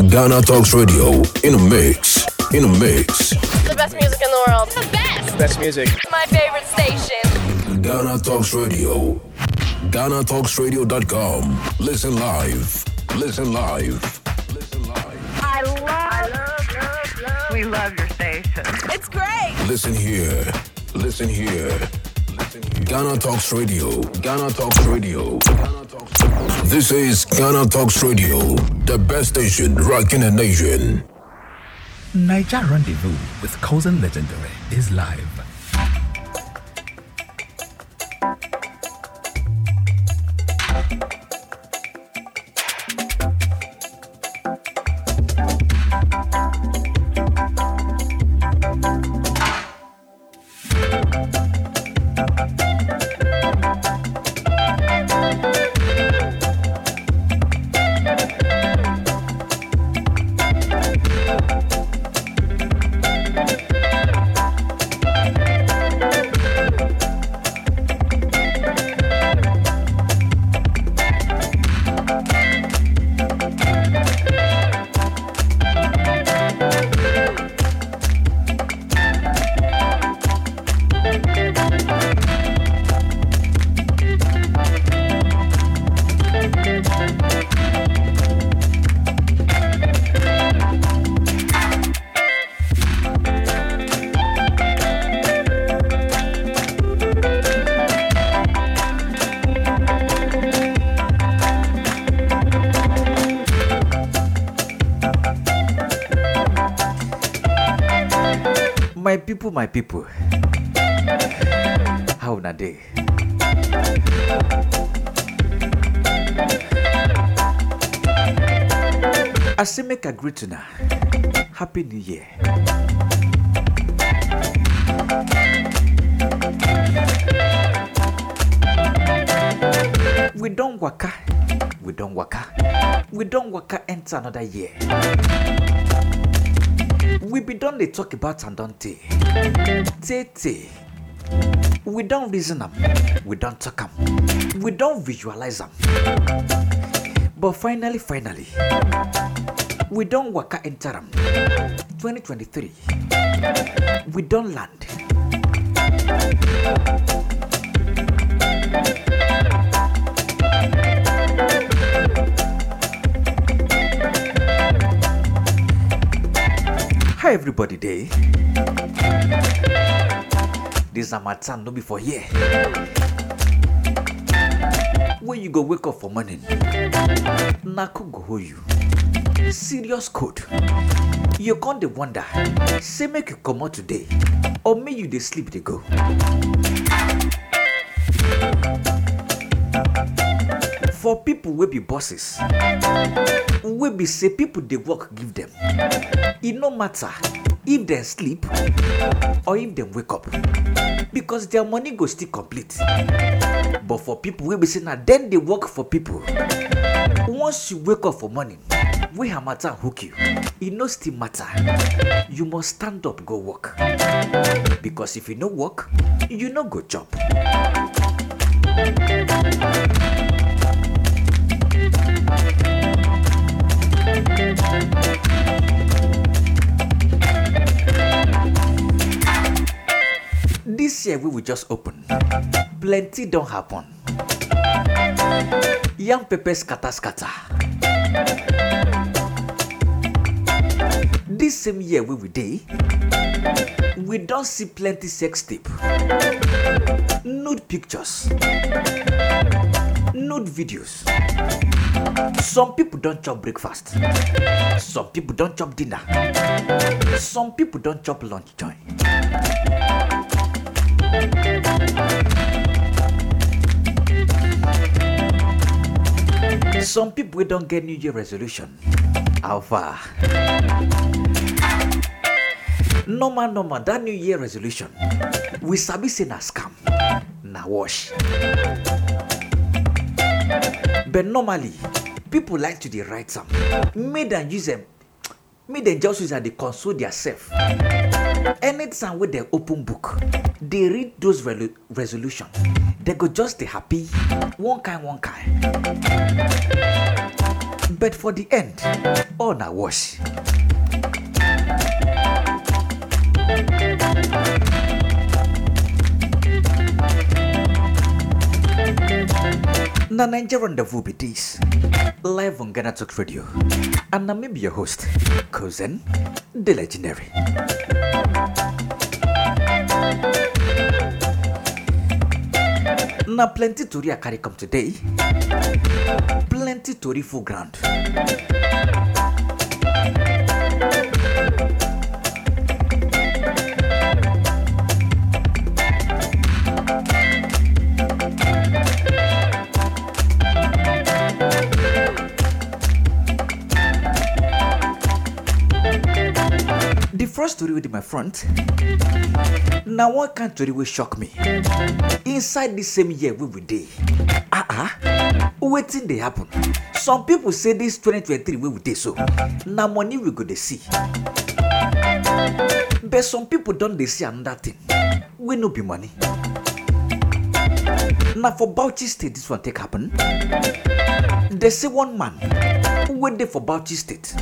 Ghana Talks Radio in a mix. In a mix. The best music in the world. The best. Best music. My favorite station. Ghana Talks Radio. GhanaTalksRadio.com. Listen live. Listen live. Listen live. I love, I love, love, love. We love your station. It's great. Listen here. Listen here. Listen here. Ghana Talks Radio. Ghana Talks Radio. Ghana this is Ghana Talks Radio, the best station rocking the nation. Niger Rendezvous with Cousin Legendary is live my people. How na day? I say make a greet to na. Happy New Year. We don't waka. We don't waka. We don't waka enter another year. We be done they talk about and don't they? Tete. We don't reason them, we don't talk them, we don't visualize them. But finally, finally, we don't work enter them. 2023, we don't land. everybody dey dis harmattan no be for here When you go wake up for morning naku go hold you serious code. you can't dey wonder say make you come out today or may you dey sleep dey go. for people wey be bosses wey be say people dey work give them. e no matter if dem sleep or if dem wake up because their money go still complete but for people wey be say na dem dey work for people once you wake up for morning wey harmattan hook you e no still matter you must stand up go work because if you no work you no go chop. This year we will just open. Plenty don't happen. Young pepper scatter scatter. This same year we will day. We don't see plenty sex tape, nude pictures nude videos. Some people don't chop breakfast. Some people don't chop dinner. Some people don't chop lunch joint. Some people we don't get New Year resolution. How far? no man. that New Year resolution. We sabi say na scam, na wash but normally people like to dey write am make dem use am make dem just use am dey console theirself anytime wey dem open book dey read those re resolution dem go just dey happy one kind one kind but for the end all na wash. na Niger Rendezvous be this. Live on Ghana Talk Radio. And I'm maybe your host, Cousin the Legendary. Now, plenty to I carry come today. Plenty to full ground. story wey dey my front na one kind story wey shock me inside dis same year we will day. ah ah wetin they happen some people say this 2023 wey we day so Now money we go dey see but some people don't dey see another thing We no be money Now for bauchi state this one take happen They say one man wey there for bauchi state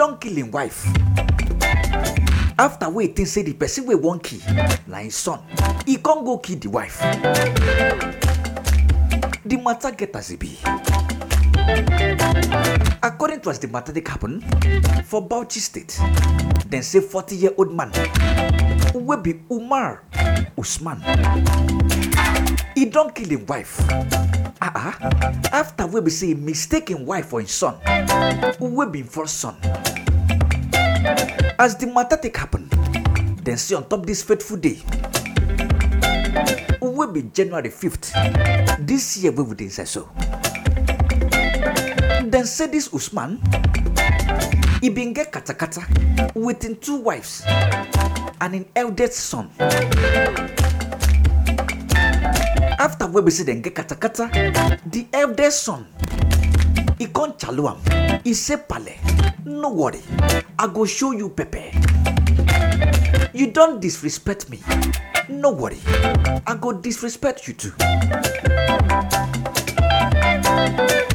don kill him wife after wey think say the person wey wan kill na him son e come go kill the wife the matter get as e be according to as the matter take happen for bauchi state dem say forty year old man wey be umar usman e don kill him wife ah ah after we be say mistaken wife for his son we be first son as the matter take happen then see on top this fateful day we be january 5th this year wey we dey say so Then say this usman he bin get katakata with him two wives and an eldest son after wey be say dem get katakata the eldest son e come chalo am e say pale no worry i go show you pepper you don disrespect me no worry i go disrespect you too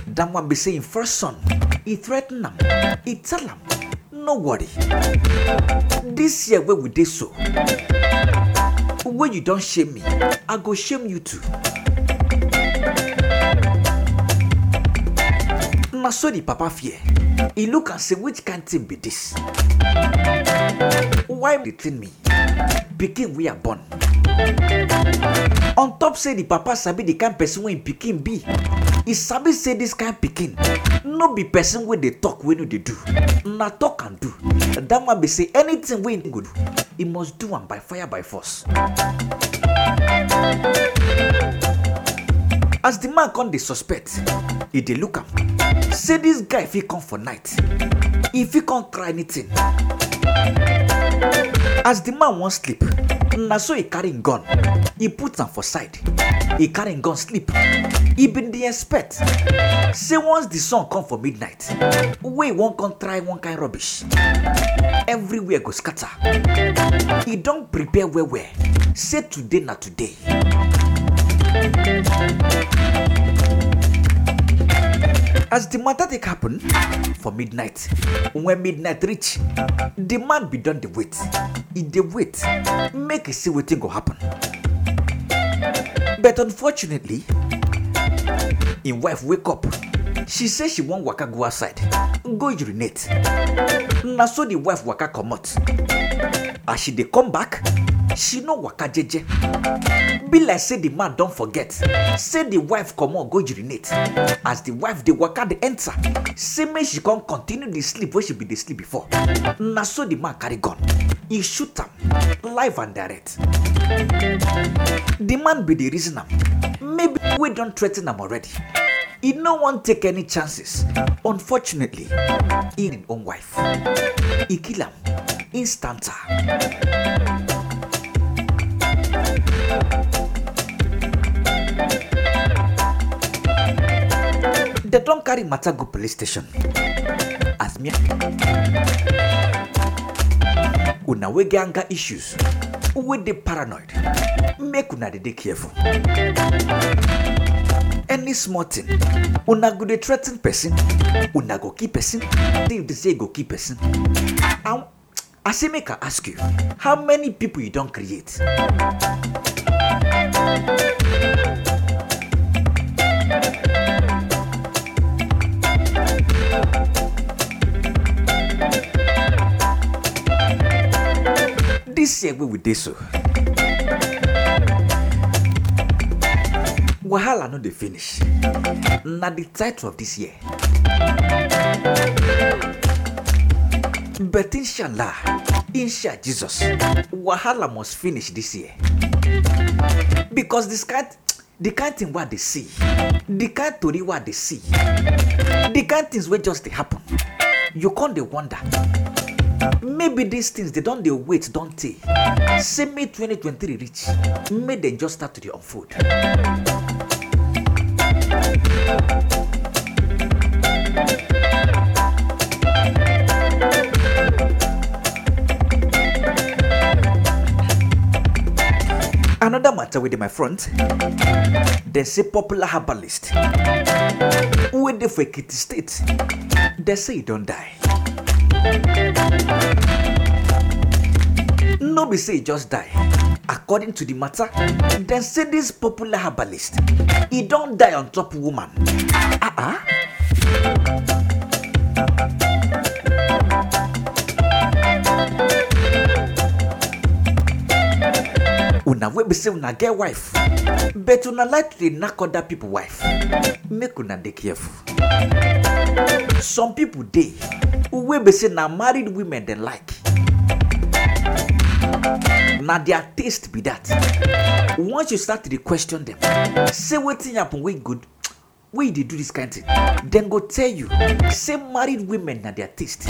that one be say im first son e threaten am e tell am no worry this year wey we dey so when you don't shame me i go shame you too na so the papa fear he look and say which kind thing be this Why detain me? Pikin we are born. On top say the papa sabi the kind person wey im pikin be. He sabi say this kind pikin no be person wey dey talk wey no dey do. Na talk and do. That man be say anything wey im go do, he must do am by fire by force. As the man come dey suspect, he dey look am. Say this guy fit come for night. He fit come try anything as the man wan sleep na so he carry im gun He put am for side He carry im gun sleep He bin dey expect say once the sun come for midnight wey wan come try one kind rubbish everywhere go scatter He don prepare well well say today na today. As the matter take happen for midnight, when midnight reach, the man be done the wait. If they wait, make see wetin go happen. But unfortunately, im wife wake up. She say she wan waka go outside, go urinate. Na so the wife waka comot. As she dey come back, she no waka jeje be like say the man don forget say the wife comot go urinate as the wife dey waka dey enter say make she come continue the sleep wey she bin dey sleep before na so the man carry gun e shoot am live and direct the man bin dey reason am maybe wey don threa ten am already he no wan take any chances unfortunately he and him own wife he kill am instanta. dem don carry matter go police station as me una wey get anger issues wey dey paranoid make una dey dey careful any small thing una go dey threa ten person una go kill person then you say you go kill person and i say make i ask you how many people you don create. dis year wey we dey so wahala no dey finish na the title of this year but inshallah insha jesus wahala must finish this year because this kind the kind thing what they see the kind tori what they see the kind things wey just dey happen you can't dey wonder maybe these things they don't they wait don't they say me 2023 reach may they just start to the unfold another matter with my front they say popular herbalist with the fake state they say you don't die No be say e just die. According to the matter, then say this popular herbalist, e don't die on top woman. Ah uh ah. -uh. una wey be say una get wife but una like to dey knack other pipo wife make una dey careful some people dey people wey be say na married women dem like na their taste be that once you start to dey question dem say wetin happen wey good wey you dey do this kind thing dem go tell you say married women na their taste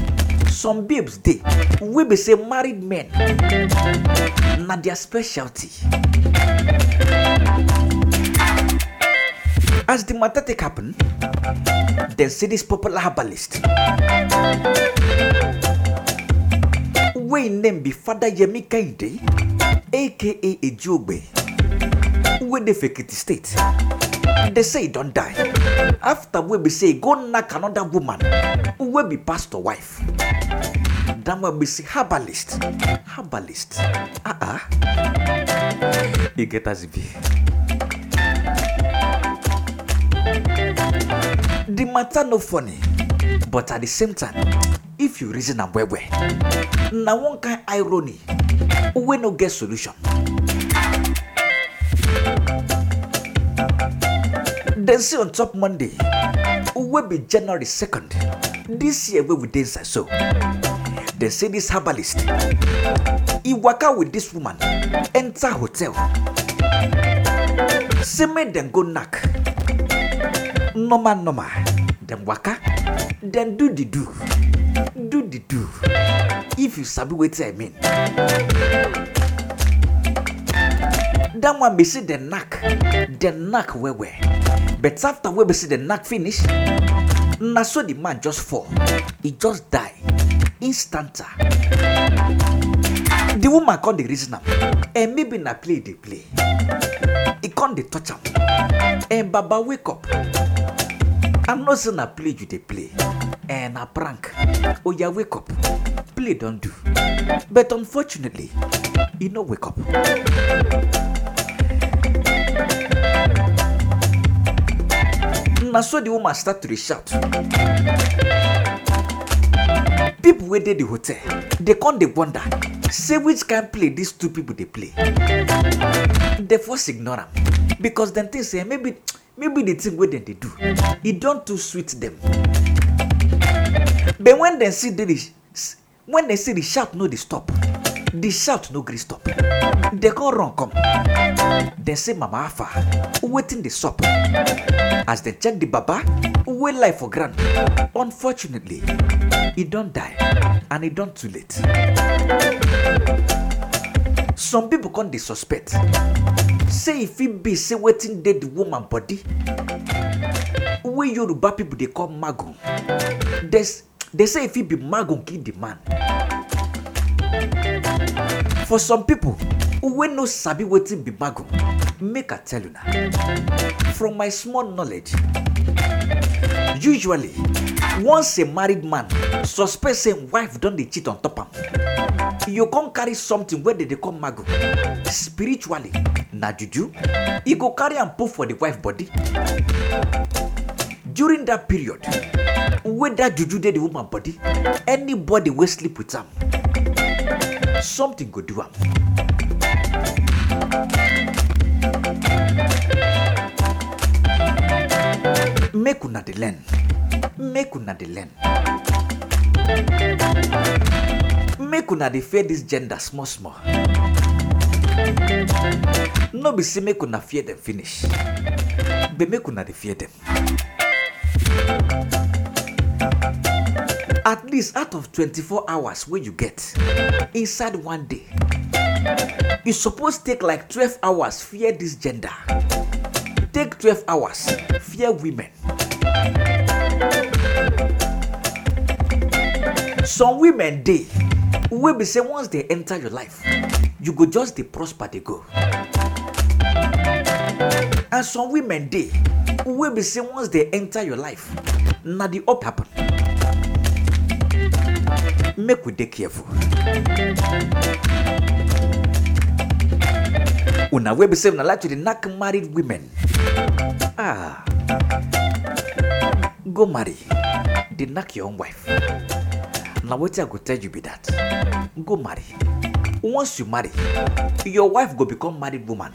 some babes dey wey be say married men na their specialty As the matter take happen, the city's popular herbalist, wey name be Father Yemi Kaide, aka Ejiogbe, wey dey for State, they say he don die. After we be say go knock another woman we be pastor wife. That we be say herbalist, herbalist. Ah uh ah, -uh. e get as e be. the matter no funny but at the same time if you reason am well well na one kind irony wey no get solution. dem say on top monday wey be january 2nd this year wey we dey inside so dem say this herbalist e waka with this woman enter hotel say make dem go knack normal normal dem waka dem do the do do the do if you sabi wetin i mean. that one be see the knack the knack well well but after we be see the knack finish na so the man just fall he just die instanta the woman come dey reason am eh maybe na play e dey play e come dey touch am eh baba wake up. I'm not saying I play you they play. And a prank. Oh yeah, wake up. Play don't do. But unfortunately, you know wake up. na so the woman start to shout. people waited the hotel They come dey wonder say which can play these two people they play. dem first ignore am because dem think say maybe maybe the thing wey dem dey do e don too sweet dem but when dem see the when dem see the shout no dey stop the shout no gree stop dem come run come dem say mama afa wetin dey sup as dem check the baba wey lie for ground unfortunately e don die and e don too late some people come dey suspect say if it be say wetin dey the woman body wey yoruba people dey call magun dey say if it be magun kill the man for some people wey no sabi wetin be magun make i tell una from my small knowledge usually once a married man suspect say im wife don dey cheat on top am you come carry something wey dey dey call mago spiritually na juju e go carry am put for the wife body during that period that juju dey the woman body anybody wey sleep with am something go do am. make una dey learn make una dey learn make una dey fear dis gender small small no be say make una fear dem finish but make una dey fear dem at least out of twenty four hours wey you get inside one day you suppose take like twelve hours fear dis gender take 12 hours. Fear women. Some women, they will be say once they enter your life, you go just the prosper, they go. And some women, they will be say once they enter your life, now the up happen. Make we dey careful una website na like to dey knack married women ah go marry dey knack your own wife Now what i go tell you be that go marry once you marry your wife go become married woman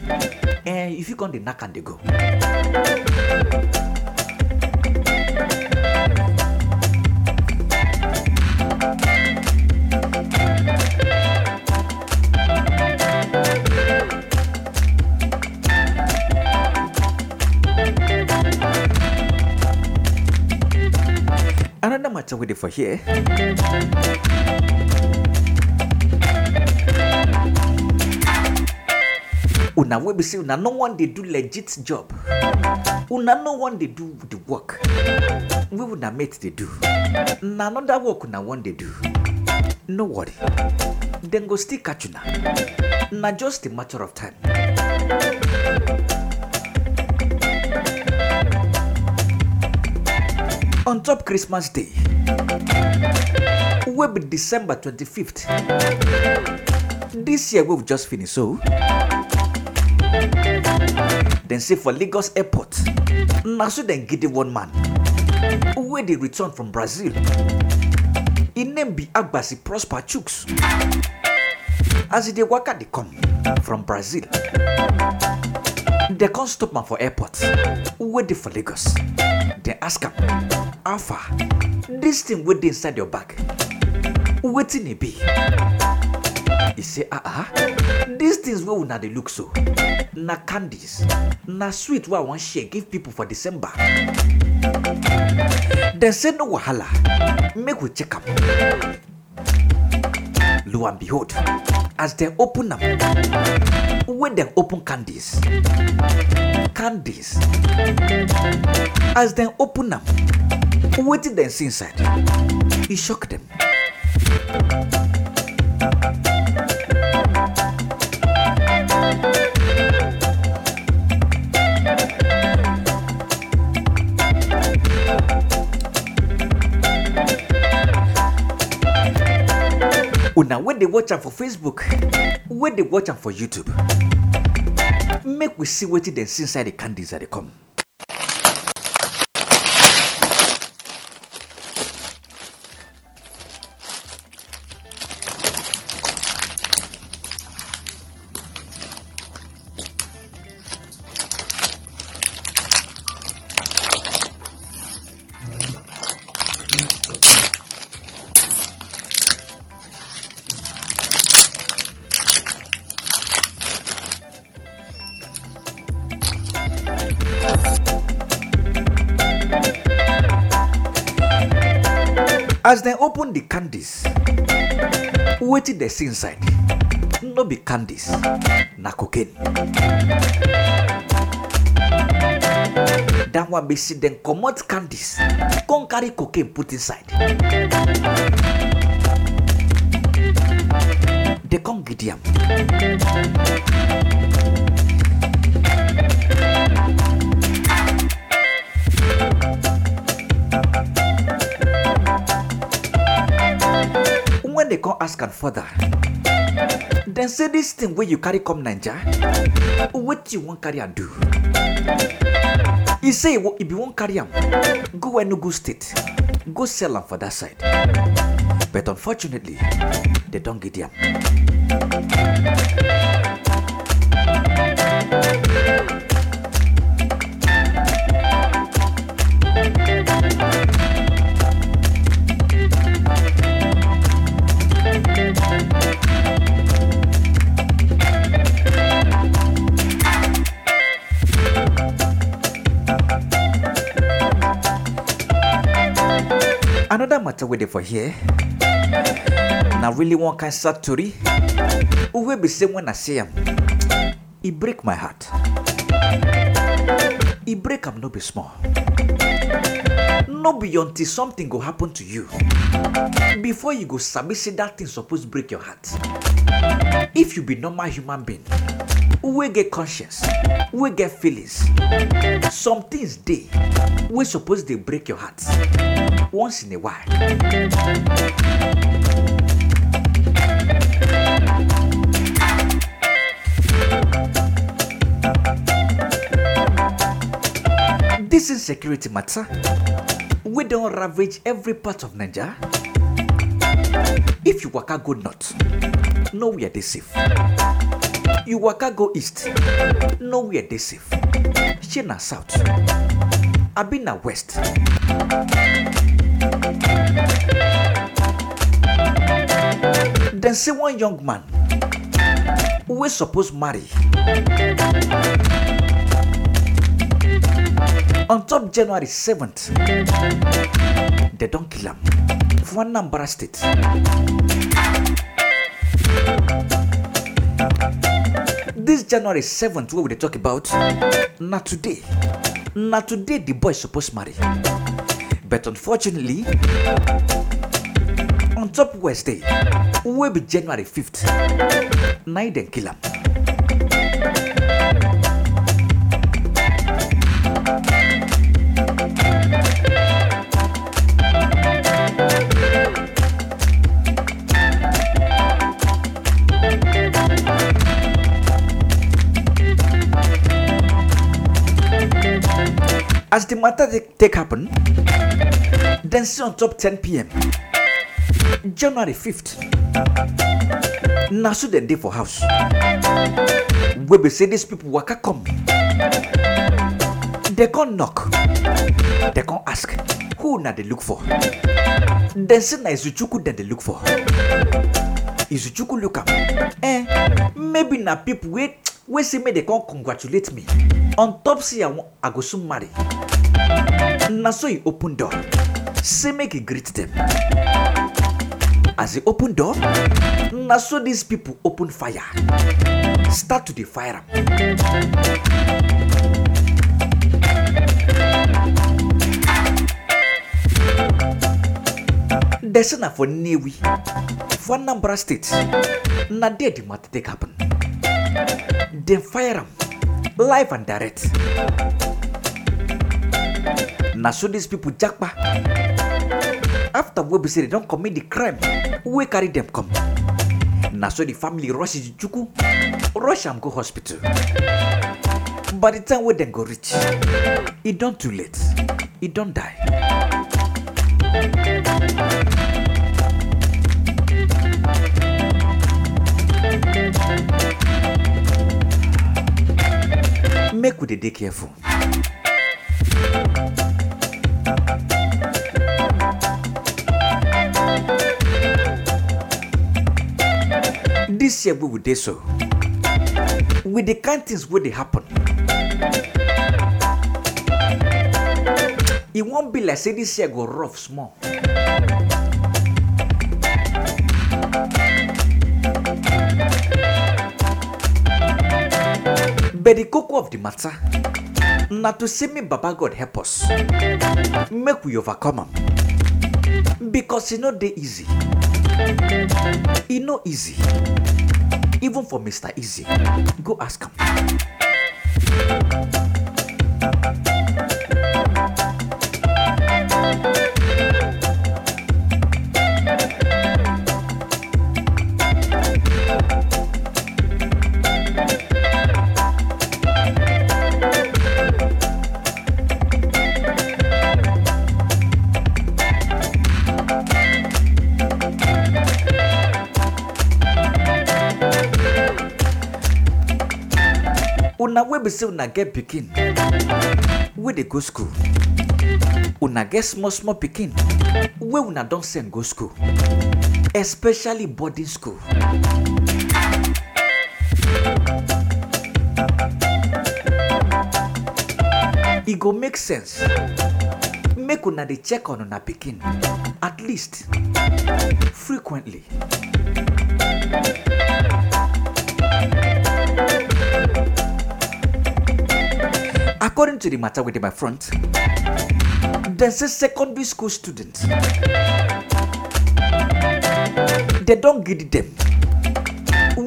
eh you can come knack and dey go. another matter we did for here. una we be say una no one they do legit job una no one they do the work We would una mate they do na another work una one they do no worry Then go stick at you una na just a matter of time. on top Christmas Day, will be December 25th. This year we've just finished, so then say for Lagos Airport, Nasu then get the one man where they return from Brazil. In name be Agbasi Prosper Chooks. As they work at the come from Brazil, they can't stop man for airport. Where they for Lagos? They ask him alpha dis thing wey dey inside your bag wetin e be e say ah ah these things wey una dey look so na candies na sweet wey i wan share give people for december dem say no wahala make we check am lo and behold as dem open am when dem open candies candies as dem open am waiting them inside. He shocked them. now when they watch am for facebook when they watch am for youtube make we see wetin dem inside the candies that they come. As they open the candies, wetin dey see inside no be candies, na cocaine. That one be see them comot candies, con carry cocaine put inside. They come giddy they come ask am further then say this thing where you carry come ninja. What you want carry and do He say if you wan carry him, go enugu state go sell am for that side but unfortunately they don't get am. matter wey dey for here na really one kind sad tori wey be say when i see am e break my heart e break am no be small no be until something go happen to you before you go sabi say that thing suppose break your heart if you be normal human being wey get conscience wey get feelings some things dey wey suppose dey break your heart once in a while. This insecurity matter, we don't ravage every part of Nigeria. If you a good north, nowhere they safe. You a go east, nowhere they safe. Shey na south, abi na west. then say one young man who wey suppose marry on top january 7th they don't kill him for one number state this january 7th wey we dey talk about Not today Not today the boy suppose marry but unfortunately on top Wednesday, will be January 5th, Naiden Kilam. As the matter take happen, then see on top 10 p.m. January 5th. Now, so they for house. We be say these people waka come. They can't knock. They can't ask. Who na they look for? Then say na Izuchuku that they look for. Izuchuku look up. Eh, maybe na people wait. we say me they come congratulate me on top say i, want, I go soon marry na so he open door say make he greet them as they open door na so these people open fire start to the fire am. dɛsɛ na for newi for anambra state na there the matter take happen dem fire am live and direct na so these people japa after wey be say dem don commit the crime we carry them come na so di family rush ijuku rush am go hospital by di time wey dem go reach e don too late e don die. make we dey dey careful. this year we will do so with the kind things wey they happen it won't be like say this year go rough small. but the cocoa of the matter na to say me, baba god help us make we overcome am because e not dey easy. E no easy. Even for Mr. Easy, go ask him. be say una get pikin wey dey go school una get small small pikin wey una don send go school especially boarding school. e go make sense make una dey check on una pikin at least frequently. according to the matter with my front, there's a secondary school student. They don't get them.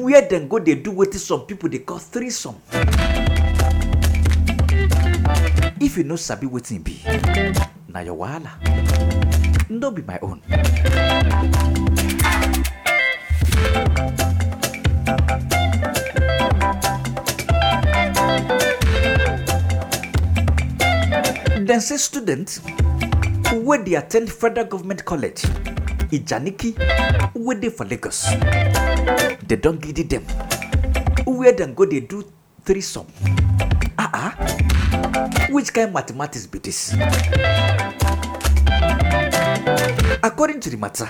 Where then go they do what some people they call threesome. If you know Sabi waiting be, now your wala. No be my own. Odense student where they attend Federal Government College, Ijaniki, where they for Lagos. They don't give them. Where then go they do three sum. Ah ah. Which kind of mathematics be this? According to the matter,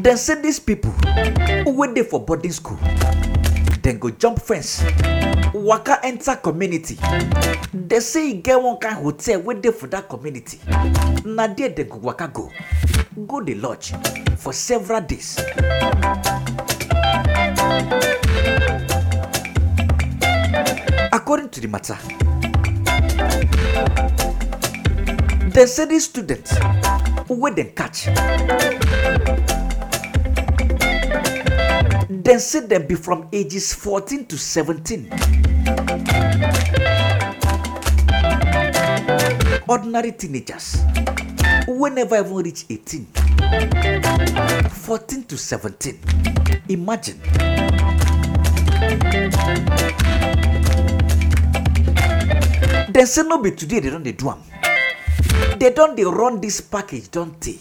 they say these people where they for boarding school then go jump fence waka enter community they say e get one kind hotel waiting for that community na there dem go waka go go the lodge for several days. according to the matter they say dis students wey dem catch Then tendency them be from ages 14 to 17. Ordinary teenagers, we never even reach 18. 14 to 17. Imagine. Then say no be today they don't they do them. They don't they run this package, don't they?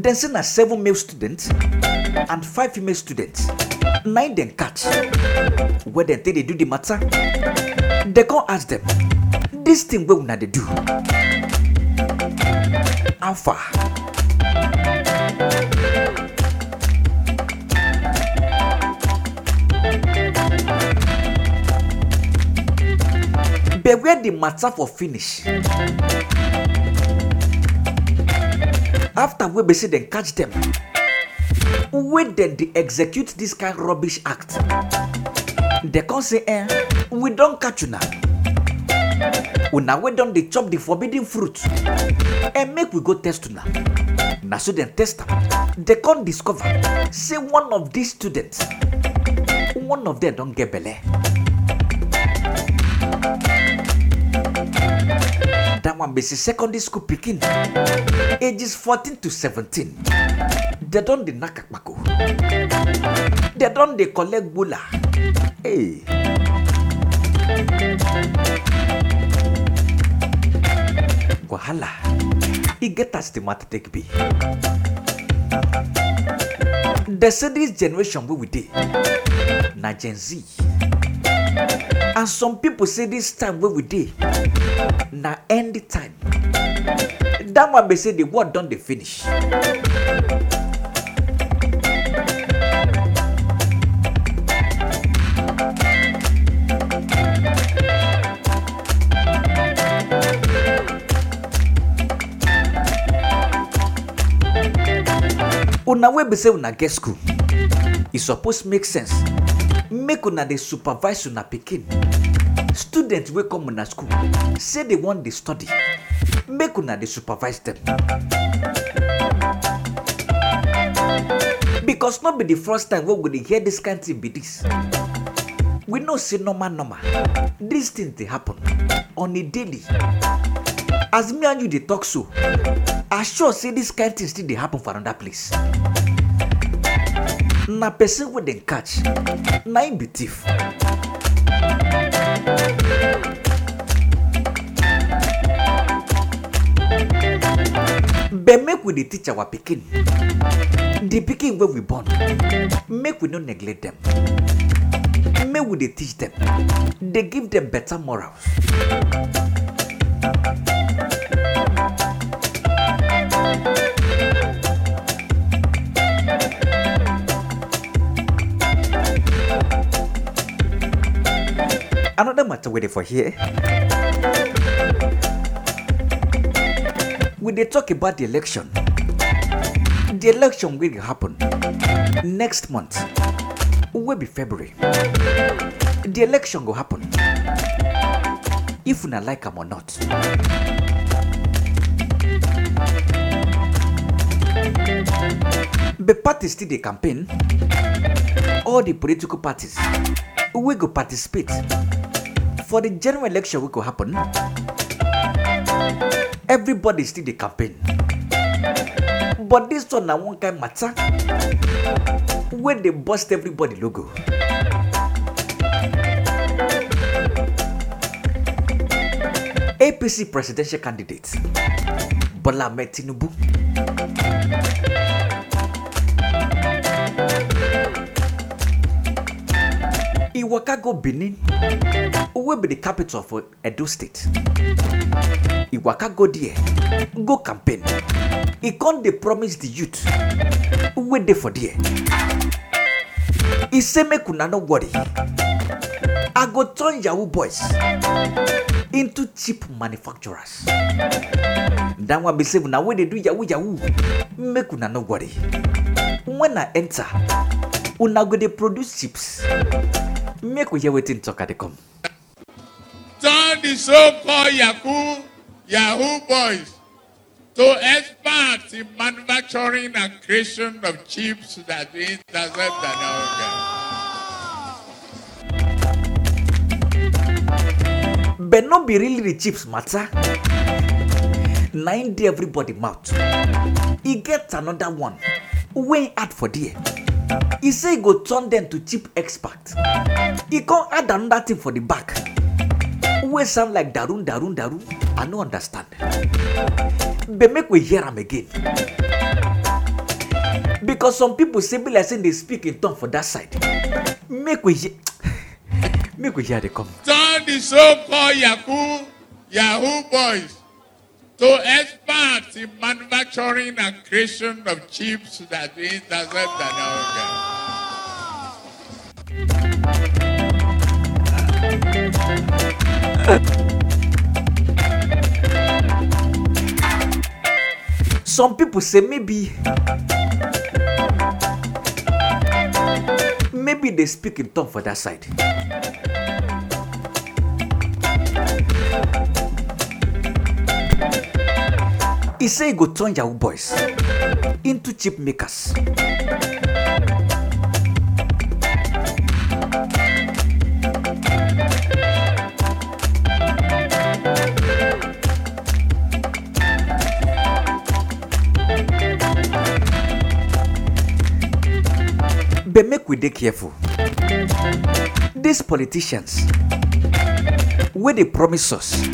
dancing are seven male students and five female students. Nine then catch. Where then they do the matter, they can't ask them, this thing where una they do. Alpha. Beware the matter for finish after we be say catch them, wey dem dey execute this kind rubbish act they can say eh we don't catch you una una wey don dey chop the forbidden fruit and eh, make we go test una now. so dem test them. They can't discover say one of these students one of them don't get belle. that one basic secondary school picking ages 14 to 17 they don dey knack akpako they don dey collect gula, hey. wahala e get as the matter take be the say this generation wey we dey na gen z and some people say this time wey we dey na end time that one may say the world done, they finish. una wey be say una get school e suppose make sense make una dey supervise una pikin students wey come una school say dey wan dey study make una dey supervise dem because no be the first time wey we dey hear this kind thing be this we know say normal normal these things dey happen on a daily as me and you dey talk so i sure say this kind thing still dey happen for another place na person wey dem catch na im be thief. but make we dey teach our pikin the pikin wey we born make we no neglect them make we dey teach them dey give them better morals. another matter wey dey for here. Eh. We they talk about the election. The election will happen next month, will be February. The election will happen. If una like them or not. The parties still the campaign. All the political parties we go participate for the general election we could happen everybody still the campaign but this one na one kind matter wey they bust everybody logo. apc presidential candidate bola Metinubu. Iwakago Benin. Uwe be the capital for Edo State. Iwakago go there, go campaign. He can't they promise the youth. Uwe dey for there. He say make una no worry. I go turn Yahoo boys into cheap manufacturers. That one be say na when they do Yahoo Yahoo, make una no worry. When I enter, una go dey produce chips make we hear wetin talk at the come. turn the so-called yahoo yahoo boys to experts in manufacturing and creation of chips that we intercept and all that. But not be really the chips matter. Nine day everybody mouth. He get another one. Way add for dear e say e go turn dem to cheap expert e come add another thing for the back wey sound like darun darun darun i no understand but make we hear am again because some people say be like say they speak in tongue for that side make we hear make we hear the come. turn the so-called yahoo yahoo boys to experts the manufacturing and creation of chips that we intercept oh. and organ. some people say maybe maybe they speak in tongue for that side. e say e go turn yahoo boys into chip makers. But make we dey careful. These politicians, where they promise us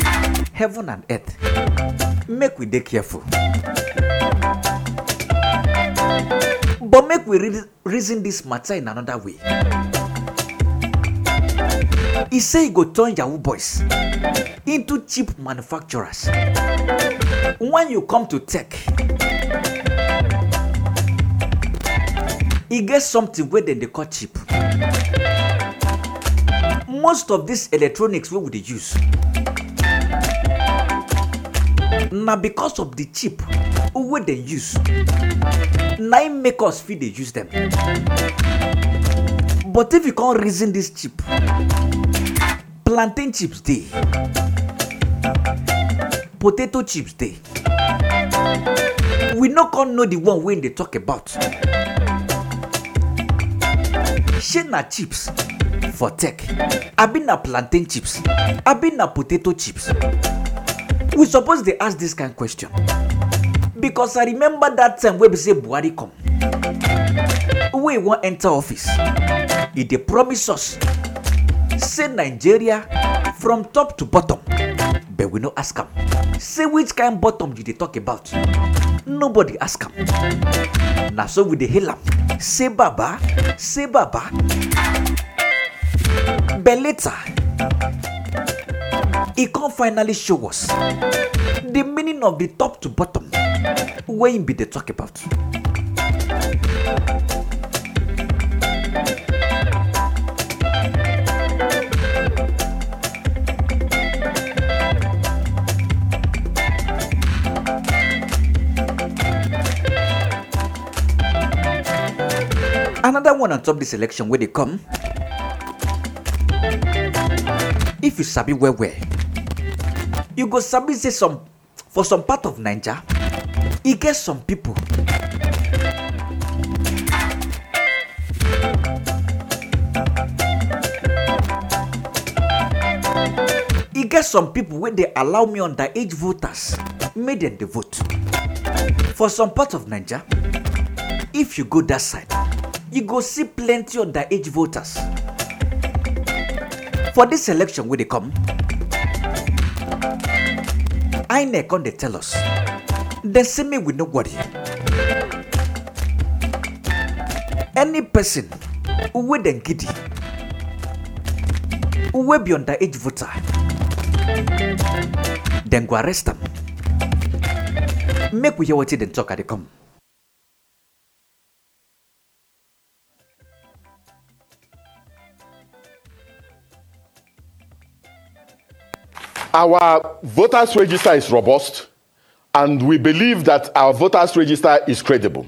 heaven and earth make we dey careful. But make we re- reason this matter in another way. He say he go turn Yahoo boys into cheap manufacturers. When you come to tech, e get something wey dem dey call cheap. Most of these electronics wey we dey use na because of the chip wey dem use na im make us fit dey use dem but if you come reason this chip plantain chips dey potato chips dey we no come know the one wey dey talk about shey na chips for tech abi na plantain chips abi na potato chips we suppose dey ask this kind question because i remember that time wey be say buhari come wey wan enter office e dey promise us say nigeria from top to bottom but we no ask am say which kind bottom you dey talk about nobody ask am na so we dey hail am say baba say baba but later He come finally show us the meaning of the top to bottom wey im bin dey talk about. another one on top dis election wey dey come if you sabi well well you go sabi say some for some part of naija e get some pipo e get some pipo wey dey allow me underage voters make dem dey vote for some part of naija if you go dat side you go see plenty underage voters for dis election wey dey come. INEC on the tell us. They see me with nobody. Any person who then giddy, who be age voter, then go arrest them. Make we hear what they talk at the come. Our voters register is robust, and we believe that our voters register is credible.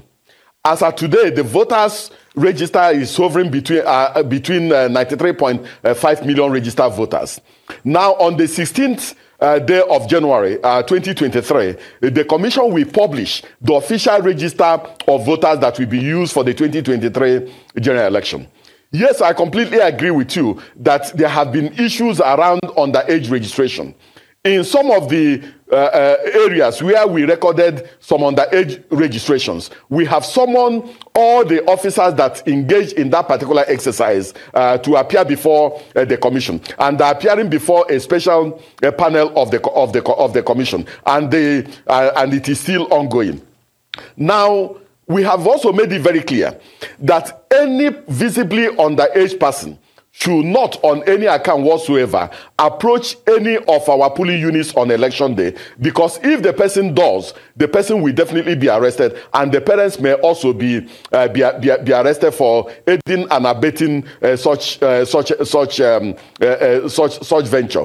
As of today, the voters register is hovering between uh, uh between uh, 93.5 million registered voters. Now, on the 16th uh, day of January uh, 2023, the Commission will publish the official register of voters that will be used for the 2023 general election. Yes, I completely agree with you that there have been issues around underage registration. In some of the uh, uh, areas where we recorded some underage registrations, we have summoned all the officers that engaged in that particular exercise uh, to appear before uh, the commission, and they're appearing before a special uh, panel of the of the of the commission, and they uh, and it is still ongoing. Now we have also made it very clear that any visibly underage person should not, on any account whatsoever, approach any of our polling units on election day because if the person does, the person will definitely be arrested, and the parents may also be uh, be, be, be arrested for aiding and abetting uh, such uh, such such um, uh, uh, such such venture.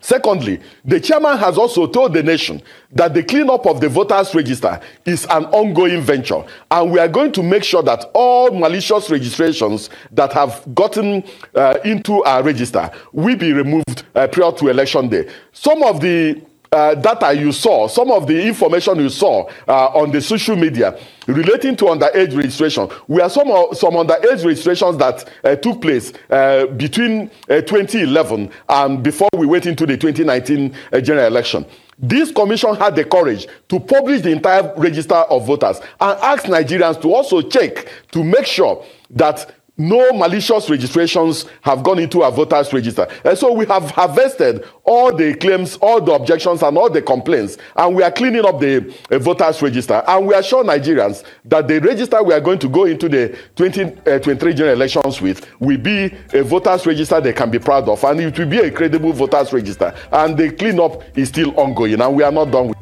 Secondly, the chairman has also told the nation that the cleanup of the voters' register is an ongoing venture, and we are going to make sure that all malicious registrations that have gotten uh, into our register will be removed uh, prior to election day. Some of the uh, data you saw, some of the information you saw uh, on the social media relating to underage registration were some of, uh, some underage registrations that uh, took place uh, between uh, 2011 and before we went into the 2019 uh, general election. This commission had the courage to publish the entire register of voters and ask Nigerians to also check to make sure that no malicious registrations have gone into our voters register and so we have harvested all the claims all the objections and all the complaints and we are cleaning up the uh, voters register and we assure nigerians that the register we are going to go into the 2023 uh, general elections with will be a voters register they can be proud of and it will be a credible voters register and the cleanup is still ongoing and we are not done with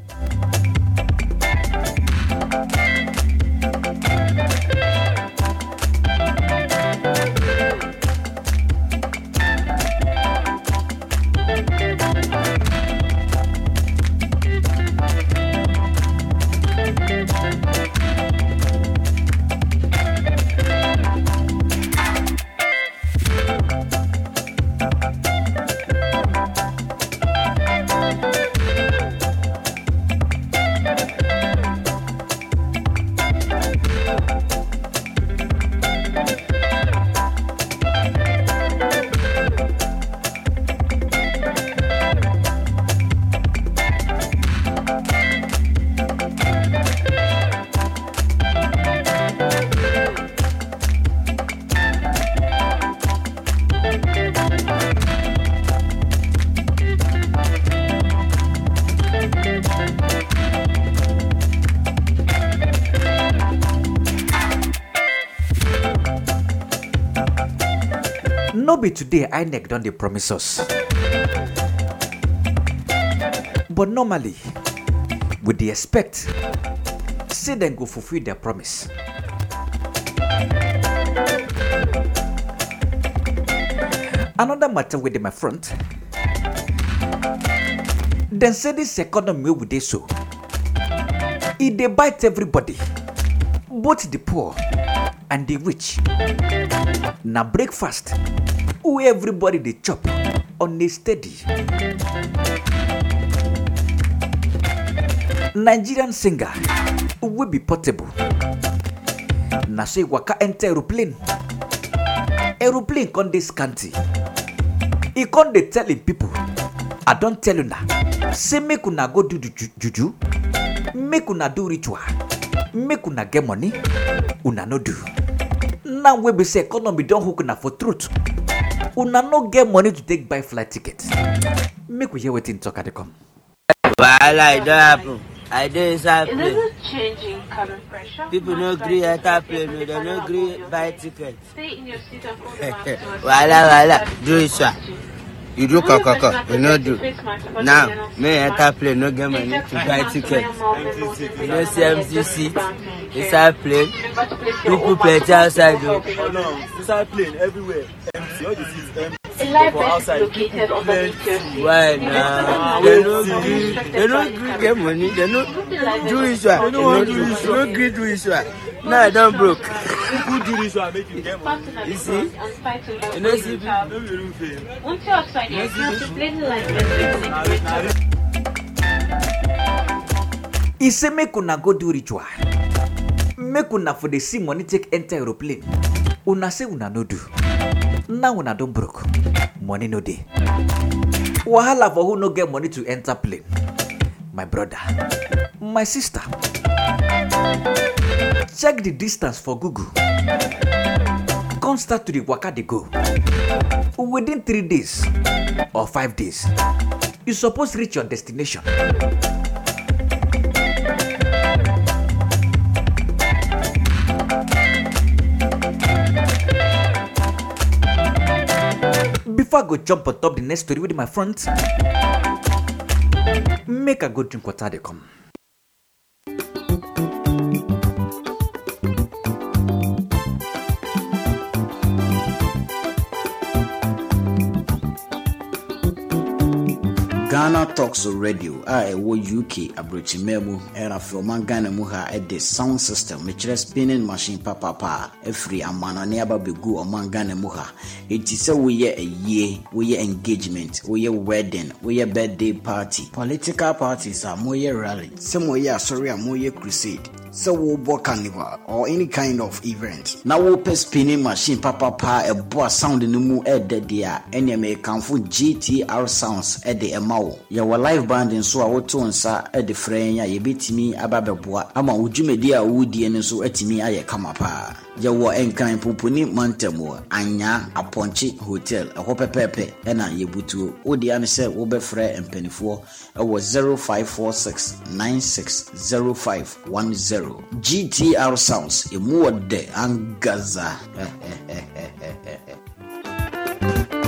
today inec don dey promise us but normally we they expect say dem go fulfil their promise. another matter with my front then say this economy wey we dey so e dey bite everybody both the poor and the rich Now breakfast wey everybody dey chop on a steady. nigerian singer wey be portable na so e waka enter aeroplane aeroplane come dey scanty e come dey tell im pipo i don tell una say make una go do juju make una do ritual make una get money una no do now wey be say economy don hook na for truth una no get money to take buy flight ticket make we hear wetin talk at the come. wahala e don happen i dey inside plane people no gree enter plane o dem no gree buy ticket wahala wahala do it sha you do kakaka you no do now may enter plane no get money to buy ticket you no see empty seat inside plane people plenty outside o. inside plane everywhere empty all the seats empty now? They don't gree. They don't gree get money. They don't do Israel. They don't do Israel. They don't gree I don't broke. Who do Israel make you get money? You see? You know have to play the library. e make una go do ritual make una for dey see money take enter aeroplane una say una no do now una don broke money no dey wahala for who no get money to enter plane my brother my sister check the distance for google come start to dey waka dey go within three days or five days you suppose reach your destination before i go jump on top the next story with my friends, make a good drink water they come. ghana talks radio a ɛwɔ uk aburokyimaa mu ɛna afei ɔman ghana mu ha ɛde sound system mekyerɛ spinning machine papapa a ɛfiri amanane aba bɛgu ɔman ghana mu ha ɛti sɛ woyɛ ayie woyɛ engagement woyɛ wedding woyɛ birthday party political parties a moyɛ rally sɛ moyɛ asɔre a moyɛ crusade sɛ wobɔ carnival or any kind of event na wopɛ spinning machine papapa ɛboa sound no mu ɛdɛ deɛ a ɛneɛ mekamfo gtr sounds ɛde ɛma wo yɛwɔ live band nso a woto nsa ɛde frɛ yɛn a yɛbɛtumi aba bɛboa ama wo dwumadi a wowodie no nso atumi ayɛ kama paa yɛwɔ nkran pomponi mantam wɔ anyaa apɔnkye hotel ɛhɔ pɛpɛɛpɛ ɛna yɛbutuo wodea ne sɛ wobɛfrɛ mpanifoɔ ɛwɔ 0546 960510 gtr sounds ɛmu wɔ dɛ angaza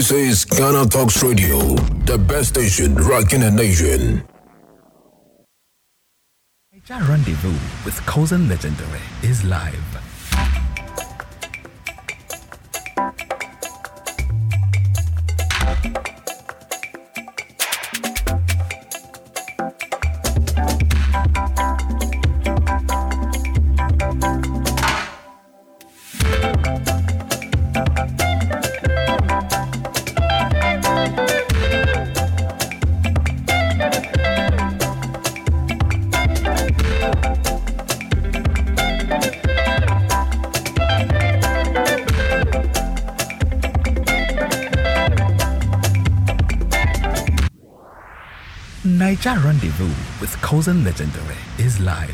This is Ghana Talks Radio, the best station rocking the nation. Niger Rendezvous with Cousin Legendary is live Our Rendezvous with Cousin Legendary is live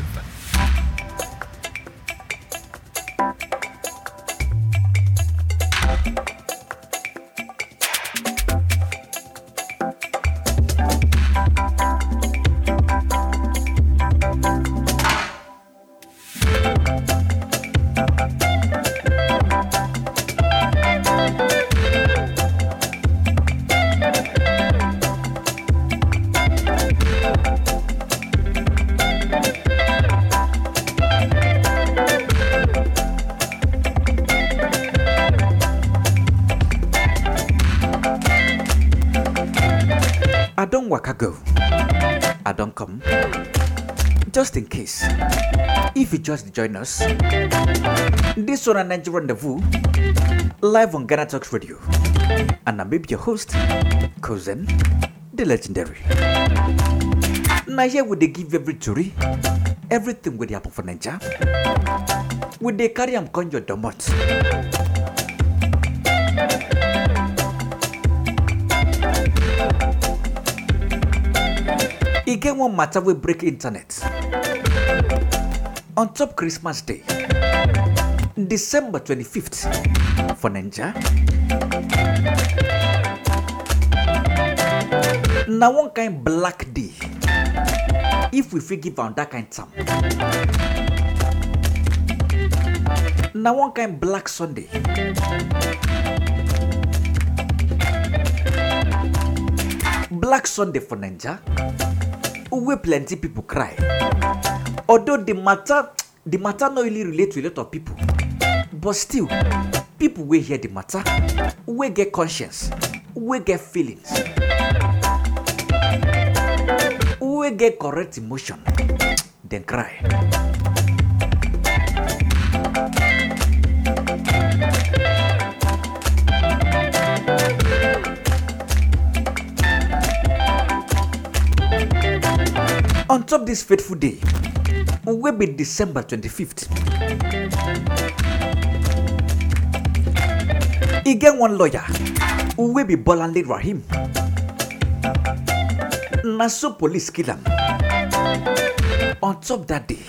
just join us, this one a Niger Rendezvous, live on Ghana Talks Radio. And I'm your host, Cousin, the legendary. Now here we they give every jury everything with happen for Niger. Would they carry them conjure domot. e get one matter will break internet on top Christmas Day, December 25th, for Ninja. Now, one kind black day, if we forgive on that kind of time. Now, one kind black Sunday. Black Sunday for Ninja, where plenty people cry although the matter the matter no really relate to a lot of people but still people wey hear the matter wey get conscience wey get feelings wey get correct emotion dem cry. On top this fateful day, will be December 25th. He get one lawyer who will be Bolanle Rahim. Naso police kill him. On top that day,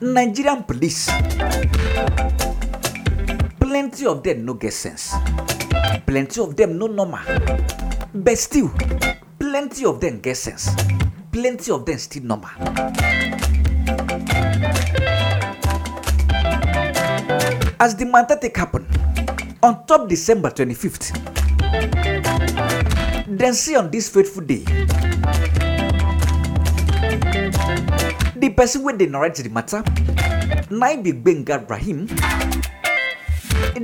Nigerian police, plenty of them no get sense. Plenty of them no normal. But still, plenty of them get sense plenty of them still number. as the matter take happen on top december 25th then see on this fateful day the person when they narrate the matter na im be gbenga rahim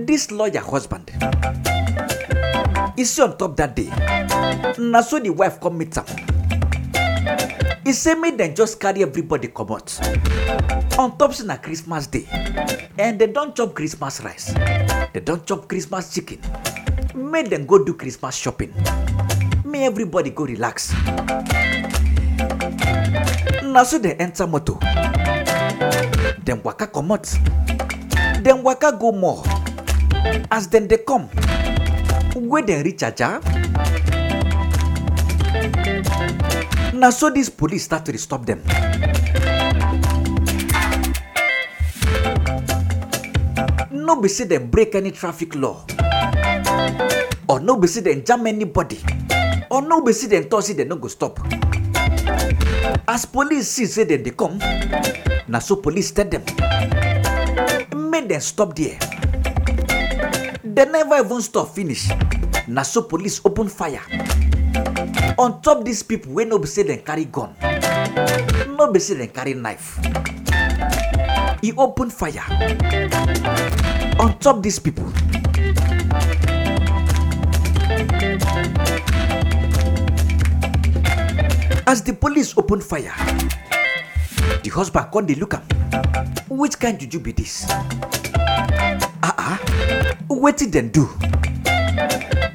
this lawyer husband is e see on top that day na so the wife come meet up e say make dem just carry everybody comot on top say na christmas day and dem don chop christmas rice dem don chop christmas chicken make dem go do christmas shopping make everybody go relax na so dem enter motor dem waka comot dem waka go mall as dem dey come wey dem reach aja na so dis police start to stop them. no be say dem break any traffic law or no be say dem jam anybody or no be say dem talk say dem no go stop as police see say dem dey come na so police tell them, make them stop there They never even stop finish na so police open fire on top dis pipo wey no be say dem carry gun no be say dem carry knife e open fire on top dis pipo as di police open fire di husband come dey look am which kind juju be dis ah ah wetin dem do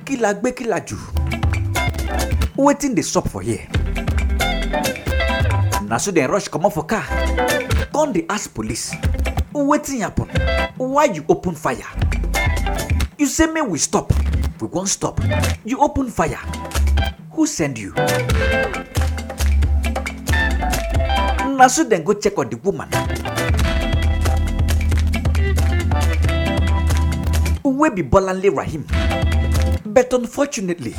kila gbe kila ju wetin dey sup for here na so dem rush comot for car come dey ask police wetin happen why you open fire you say make we stop we wan stop you open fire who send you na so dem go check on the woman wey be bolanle rahim but unfortunately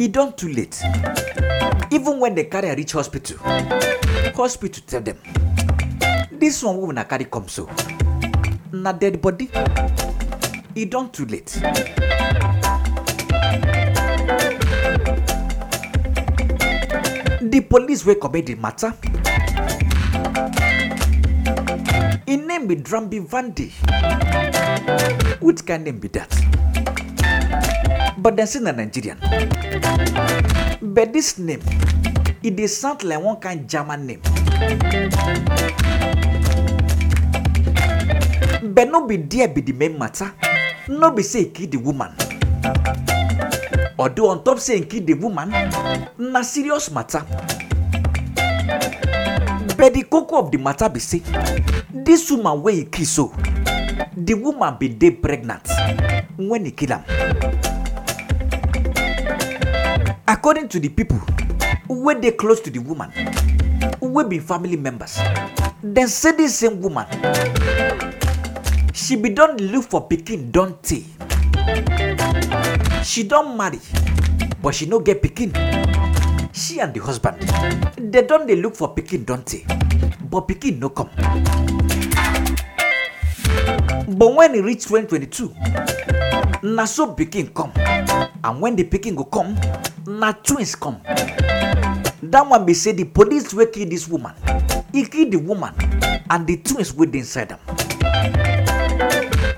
e don too late even when dem carry am reach hospital hospital tell them this one woman una carry come so na dead body e don too late. The police wey commit di matter. im name be drambi vandi which kind name be dat. But then see the Nigerian. But this name, it they sound like one kind German name. But no be there be the main matter. No be say kill the woman. Or do on top saying kill the woman, na serious matter. But the cocoa of the matter be say, this woman wey he kiss so, the woman be dead pregnant when he kill am according to the people wey dey close to the woman wey be family members dem say this same woman she be don look for picking, don't tey she don't marry but she no get picking. she and the husband they don't they look for picking, don't tey but picking no come but when e reached 2022 na so pikin come and when the pikin go come na twins come that one be say the police wey kill this woman e kill the woman and the twins wey dey inside am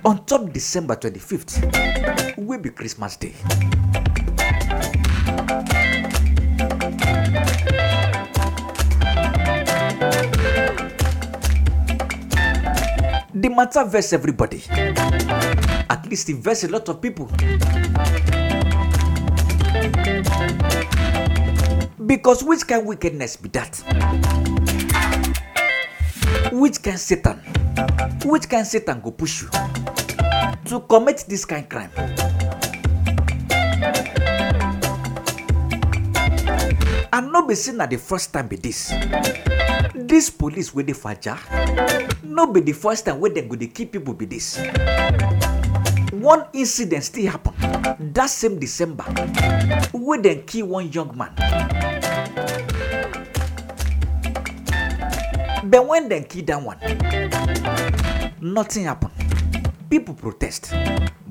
on top december 25th wey be christmas day. the matter vex everybody at least invest a lot of people. Because which kind wickedness be that? Which can Satan? Which can Satan go push you to commit this kind of crime? And no be seen at the first time be this. This police wey they for no be the first time wey they go dey kill people be this one incident still happen that same december wey dem kill one young man but when dem kill that one nothing happen people protest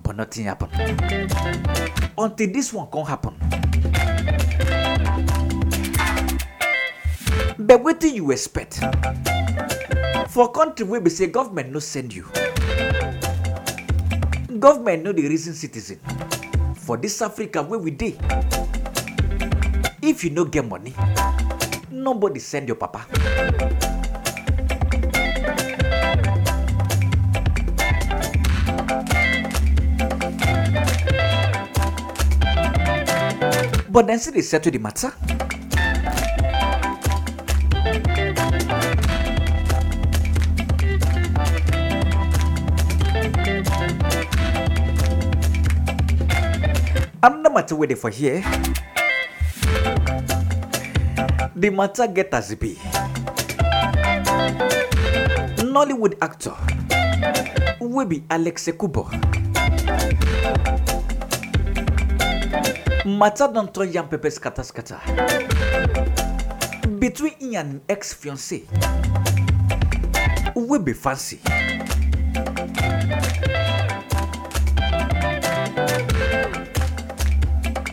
but nothing happen until this one come happen but wetin you expect for country wey be say government no send you government no the reason citizen for this africa wey we dey if you no get money nobody send your papa. but dem still dey settle di matter. another matter wey dey for here di matter get as be nollywood actor wey be alex Kubo. matter don't turn yam pepe scatter scatter between im and im ex fiance wey be fancy.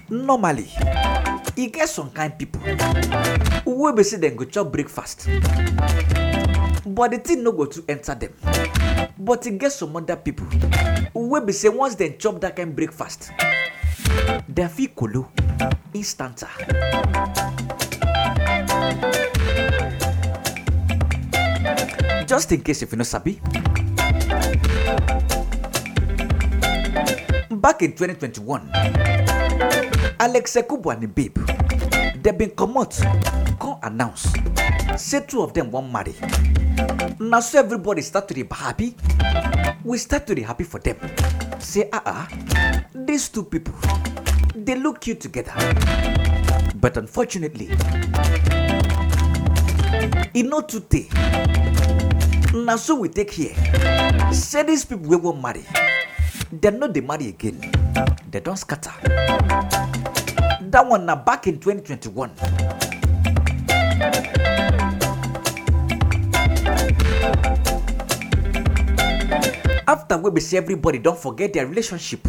normally e get some kind people. wey be say dem go chop breakfast but the thing no go too enter them. but e get some other people. wey be say once dem chop that kind breakfast dem fit kolo instanta. just in case if you no sabi back in 2021 alex ekubu and im babe dem bin comot come announce say two of them wan marry na so everybody start to be happy we start to be happy for them. say ah ah these two people they look cute together but unfortunately in no too tey na so we take here. say these people wey wan marry dem not dey marry again. They don't scatter. That one now back in 2021. After we see everybody, don't forget their relationship.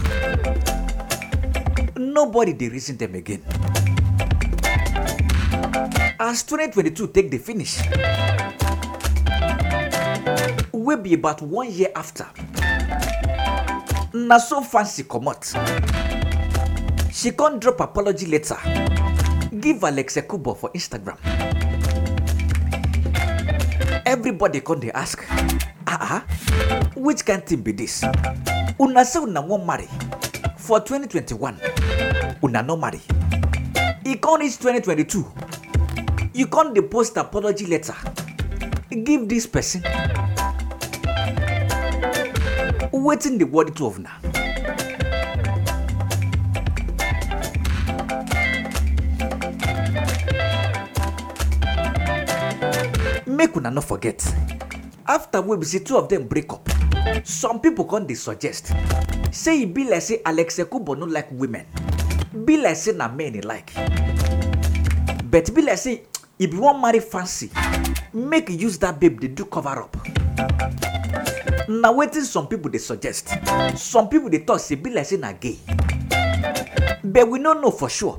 Nobody they reason them again. As 2022 take the finish, we'll be about one year after na so fancy comot she come drop apology letter give alex ekubo for instagram everybody come dey ask ah ah which kind thing be this una say una wan marry for 2021 una no marry e come reach 2022 you come dey post apology letter give this person wetin dey worry two of una. make una no forget after wey be say two of dem break up some people come dey suggest say e be like say alex ekubo no like women be like say na men e like but be like say if e you wan marry fancy make you use that babe dey do cover up na wetin some people dey suggest some people dey talk say be like say na gay but we no know for sure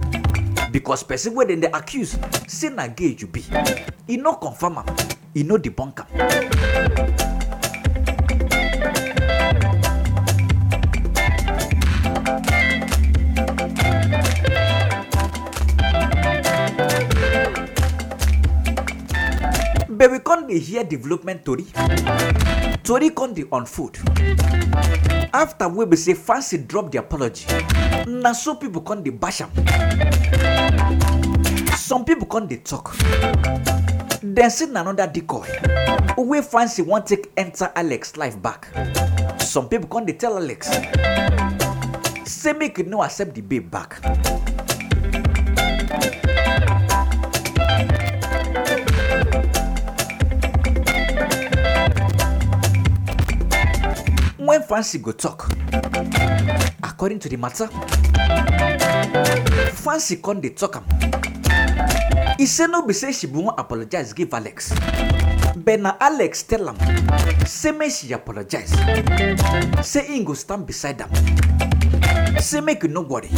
because person wey dem dey accuse say na gay you be e no confirm am e no debunk am. but we con dey hear development tori tori come dey on food after wey be say fancy drop the apology na so people come dey bash am some people come dey talk dem see na another decoy wey fancy wan take enter alex life back some people come dey tell alex say make you no accept the babe back. when fancy go talk according to the matter fancy come dey talk am e say no be say she bin wan apologize give alex but na alex tell am say make she apologize say im go stand beside am say make you no worry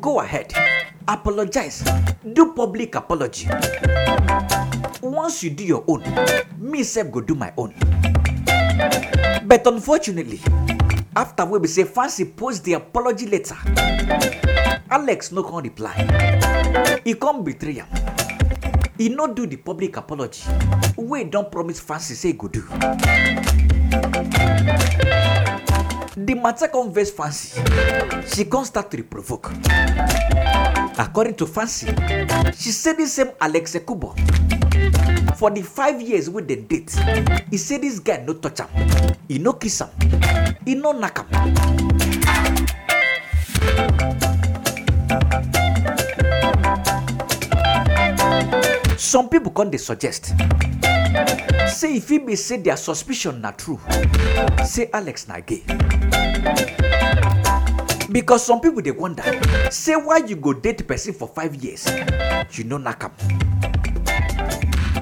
go ahead apologize do public apology once you do your own me sef go do my own but unfortunately after wey be say fancy post the apology letter alex no can reply He can't betray him. He no do the public apology We don't promise fancy say e go do The matter come fancy she come start to provoke according to fancy she said the same alex ekubo for the five years wey dem date he say this guy no touch am he no kiss am he no knack am. some people come dey suggest say e fit be say their suspicion na true say alex na gay because some people dey wonder say why you go date person for five years you no knack am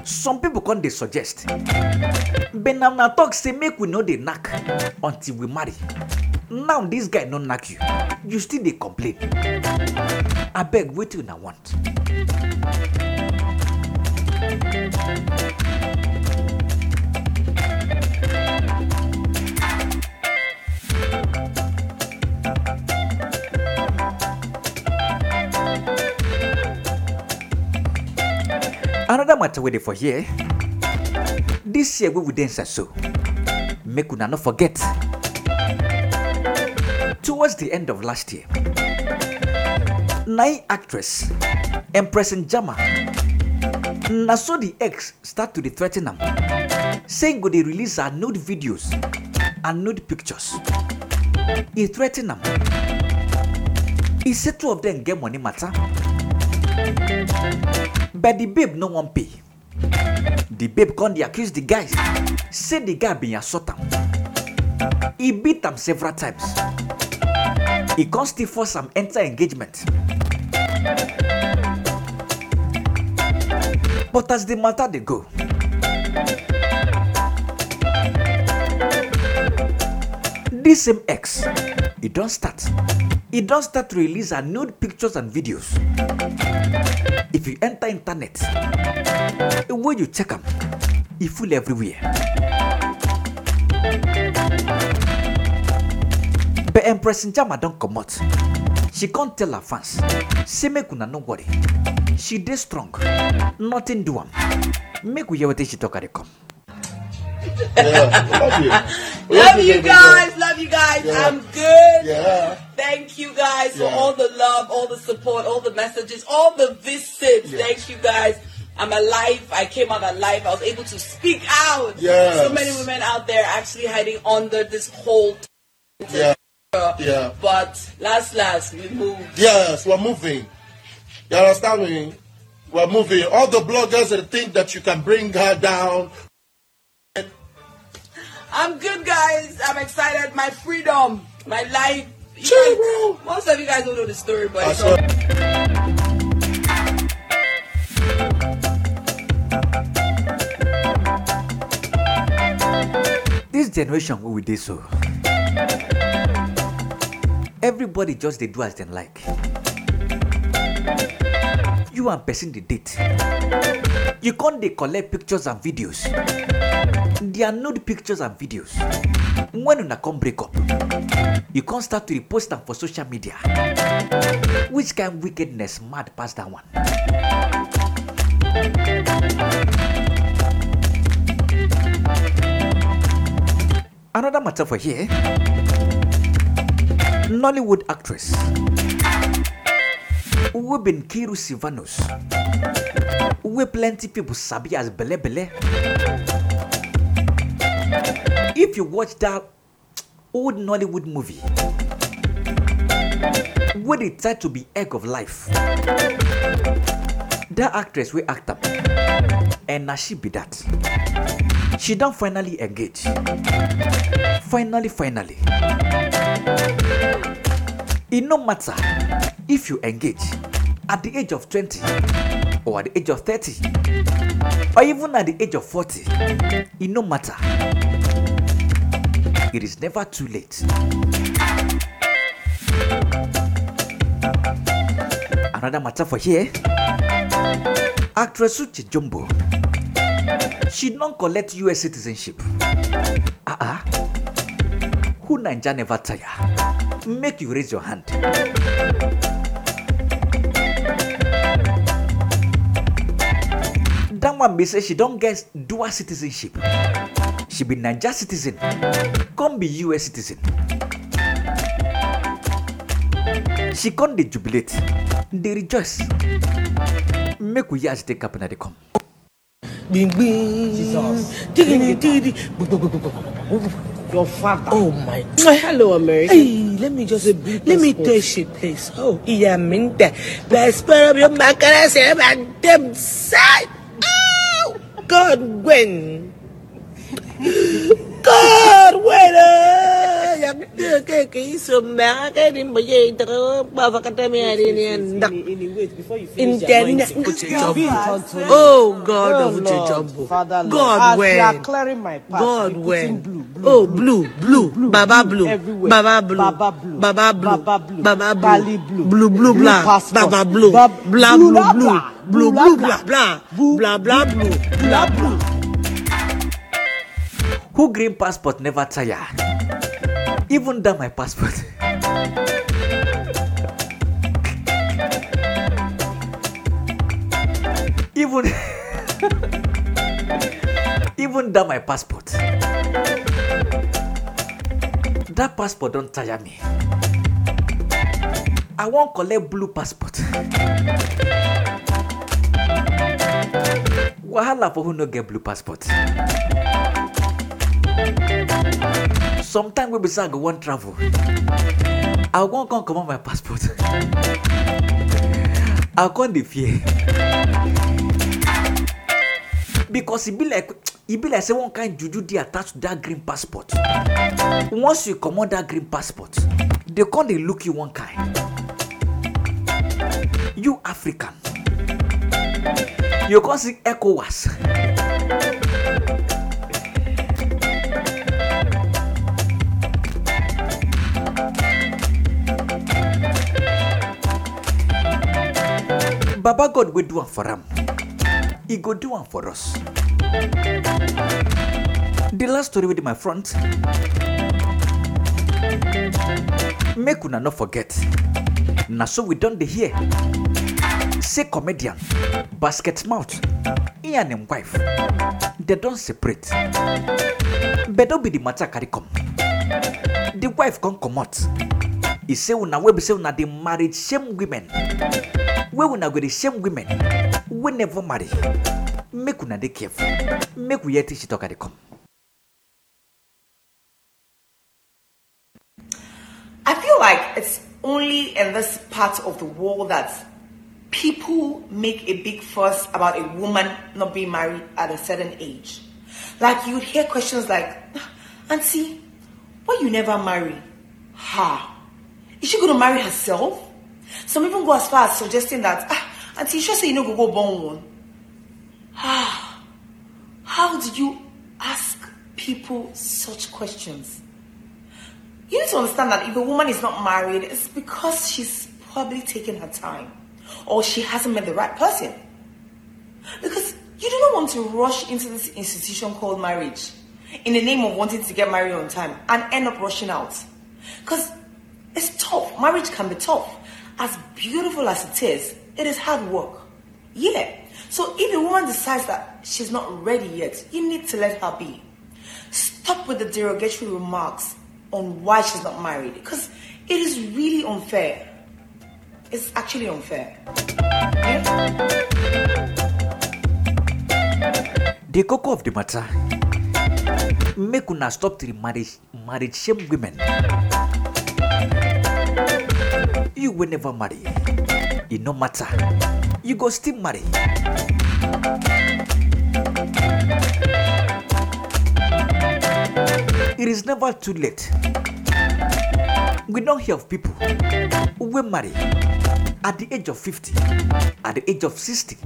some people come dey suggest benam na talk say make we no dey knack until we marry now this guy no knack you you still dey complain abeg wetin una want. another matter wey dey for here this year we will inside so make una no forget towards the end of last year nine actress empress Jama, na so the ex start to dey threa ten am say go dey release her nude videos and nude pictures He threa ten He said two of them get money matter. But the babe no one pay. The babe come they accuse the guys. Say the guy been assault him. He beat him several times. He come still force him enter engagement. But as the matter they go, this same X, it don't start it does start to release her nude pictures and videos. If you enter internet, the way you check them, it e full everywhere. But Empress Njama don't come out. She can't tell her fans, say make una no worry. She dey strong, nothing do am. Make we hear wetin she talk at the come. yeah, love you. love you guys. Love you guys. Yeah. I'm good. Yeah. Thank you guys yeah. for all the love, all the support, all the messages, all the visits. Thank you guys. I'm alive. I came out alive. I was able to speak out. Yes. So many women out there actually hiding under this whole. T- yeah. Yeah. But last, last, we moved. Yes, we're moving. You understand me? We're moving. All the bloggers that think that you can bring her down. I'm good, guys. I'm excited. My freedom, my life. You True, guys, most of you guys don't know the story, but. I saw- This generation we dey so. Everybody just dey do as dem like. You are person the date. You can't they collect pictures and videos their nude pictures and videos when una come break up you can't start to repost them for social media which kind of wickedness mad past that one. Another matter for here Nollywood actress Webin Kiru Sivanos, we plenty people sabi as Bele Bele. If you watch that old Nollywood movie where they try to be egg of life, that actress will act up. And now she be that. She done finally engage. Finally, finally. It e no matter if you engage at the age of 20 or at the age of 30 or even at the age of 40, it e no matter. It is never too late. Another matter for here. Actress Uche Jumbo. She non collect US citizenship. Ah uh-uh. Who Ninja never tire? Make you raise your hand. That one may say she don't get dual citizenship she be Niger citizen, come be US citizen. She come they jubilate, they rejoice. Make we as they cap and come. Bing bing. Jesus. Your father. Oh my. Hello, America. Hey, let me just let me touch it, please. Oh, yeah, minta. Bless para your macaras and them side. Oh, God, when. yang dia ke ke semak ke ni bayi terus bawa kata me hari ni ndak intend oh god of the god where god where oh blue blue baba blue baba blue baba blue baba blue baba blue blue blue blah baba blue blah blue blue blue blue blah blah blah blah blue blah blue who green passport never tire even that my passport. even even that my passport that passport don't tire me i won't collect blue passport wahala for who no get blue passport. Sometimes we be say i go wan travel i wan come comot my passport i come dey fear because e be like e be like say one kind juju they attached to that green passport once you comot that green passport they come dey look you one kind you african you come see ecowas. baba god will do one for am He go do one for us The last story with my front make una not forget na so we don't dey hear say comedian basket mouth he and him wife They don't separate but don't be the matter carry come The wife can come out. say una say una shame women. una go shame women. never marry. Make una dey careful. Make we hear talk come. I feel like it's only in this part of the world that people make a big fuss about a woman not being married at a certain age. Like you would hear questions like, ah, Auntie, why you never marry? Ha. Is she going to marry herself? Some even go as far as suggesting that, ah, Auntie, you sure say you know go go born one? Ah, how do you ask people such questions? You need to understand that if a woman is not married, it's because she's probably taking her time or she hasn't met the right person. Because you do not want to rush into this institution called marriage in the name of wanting to get married on time and end up rushing out. Because it's tough. Marriage can be tough. As beautiful as it is, it is hard work. Yeah. So if a woman decides that she's not ready yet, you need to let her be. Stop with the derogatory remarks on why she's not married because it is really unfair. It's actually unfair. The cocoa of the matter make una stop to the marriage marriage shame women you will never marry. It no matter. You go still marry. It is never too late. We don't hear of people who marry at the age of 50, at the age of 60,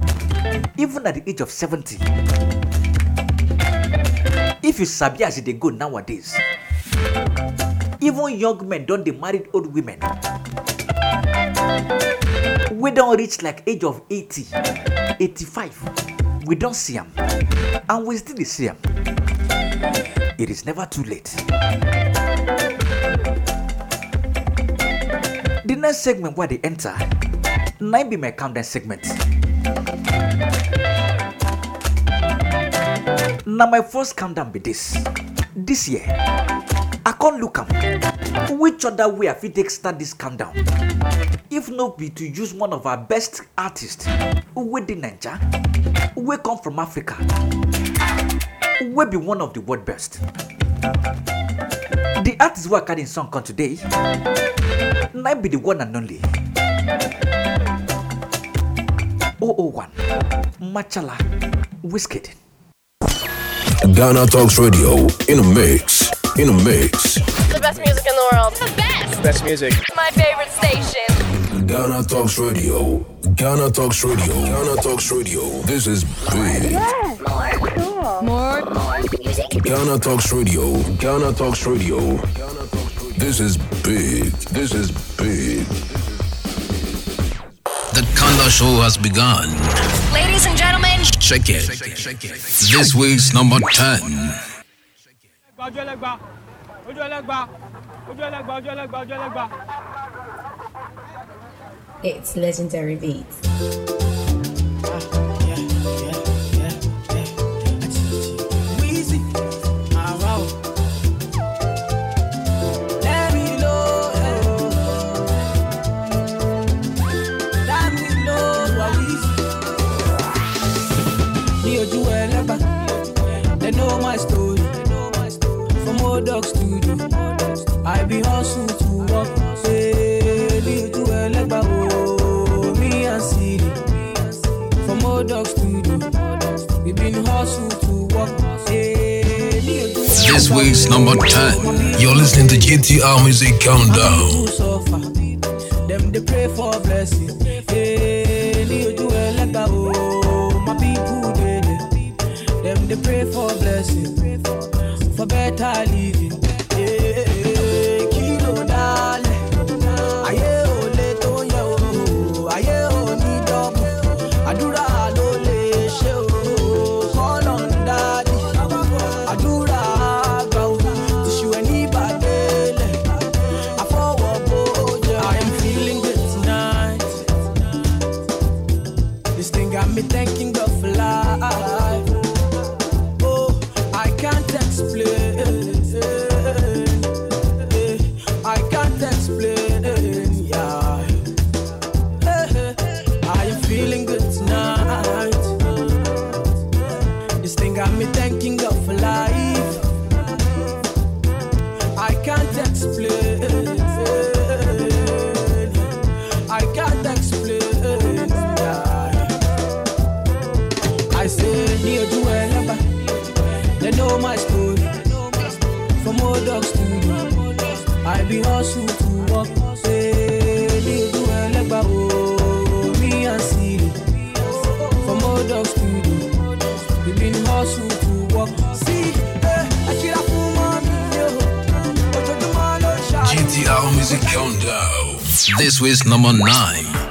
even at the age of 70. If you sabi as they e go nowadays, even young men don't they married old women We don reach like age of 80 85 we don see am and we still dey see am it is never too late. The next segment where they enter, nine be my countdown segment. Now my first countdown be this. This year, I can't look up which other way i fit take start dis calm down if no be to use one of our best artists wey dey naija wey come from africa wey be one of the world best the artist wey i carry im song come today na be the one and only O O one, machala wizkid ghana talks radio in a mix in a mix. The best music in the world. The best. Best music. My favorite station. Ghana Talks Radio. Ghana Talks Radio. Ghana Talks Radio. This is big. Yes. More. Cool. More. More music. Ghana Talks Radio. Ghana Talks Radio. This is big. This is big. The Kanda Show has begun. Ladies and gentlemen, check it. Check it. Check it. This week's number 10 ẹlẹ́gba ẹlẹ́gba ẹlẹ́gba ẹlẹ́gba ẹlẹ́gba. It's legendary beat. Ah. be hustle to work. me and From old we been hustle to work. This week's number 10. You're listening to GTR Music Countdown. Them they pray for blessing. My people, them they pray for blessing, for better living. GTR Music Countdown. This was number 9.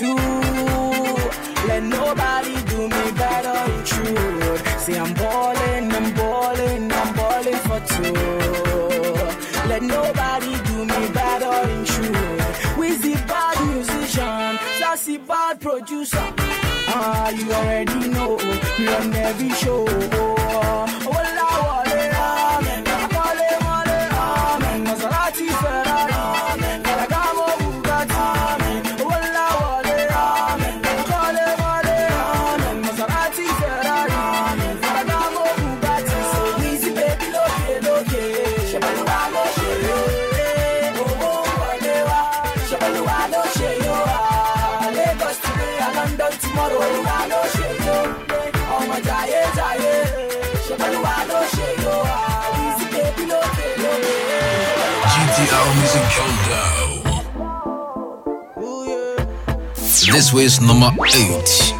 too. Let nobody do me better in truth. See, I'm ballin', I'm ballin', I'm ballin' for two. Let nobody do me better in truth. the bad musician, the bad producer. Ah, you already know, you're on every show. This was number 8.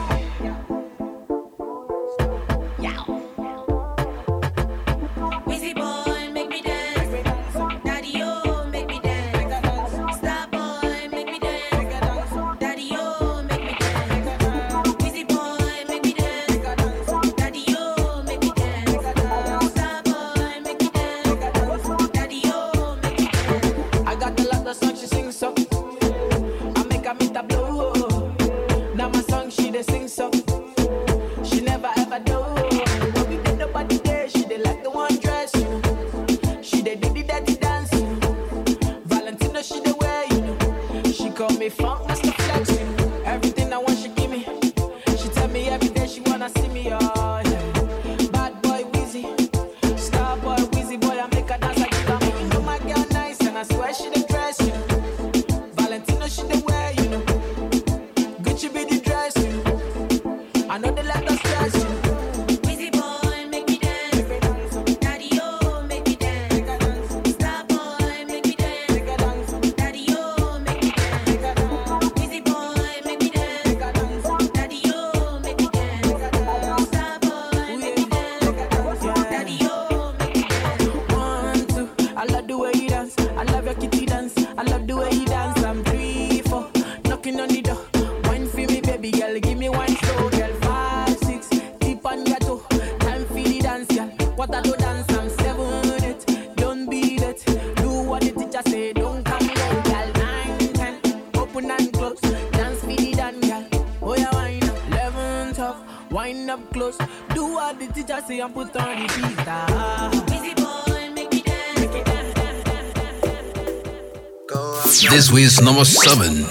number seven.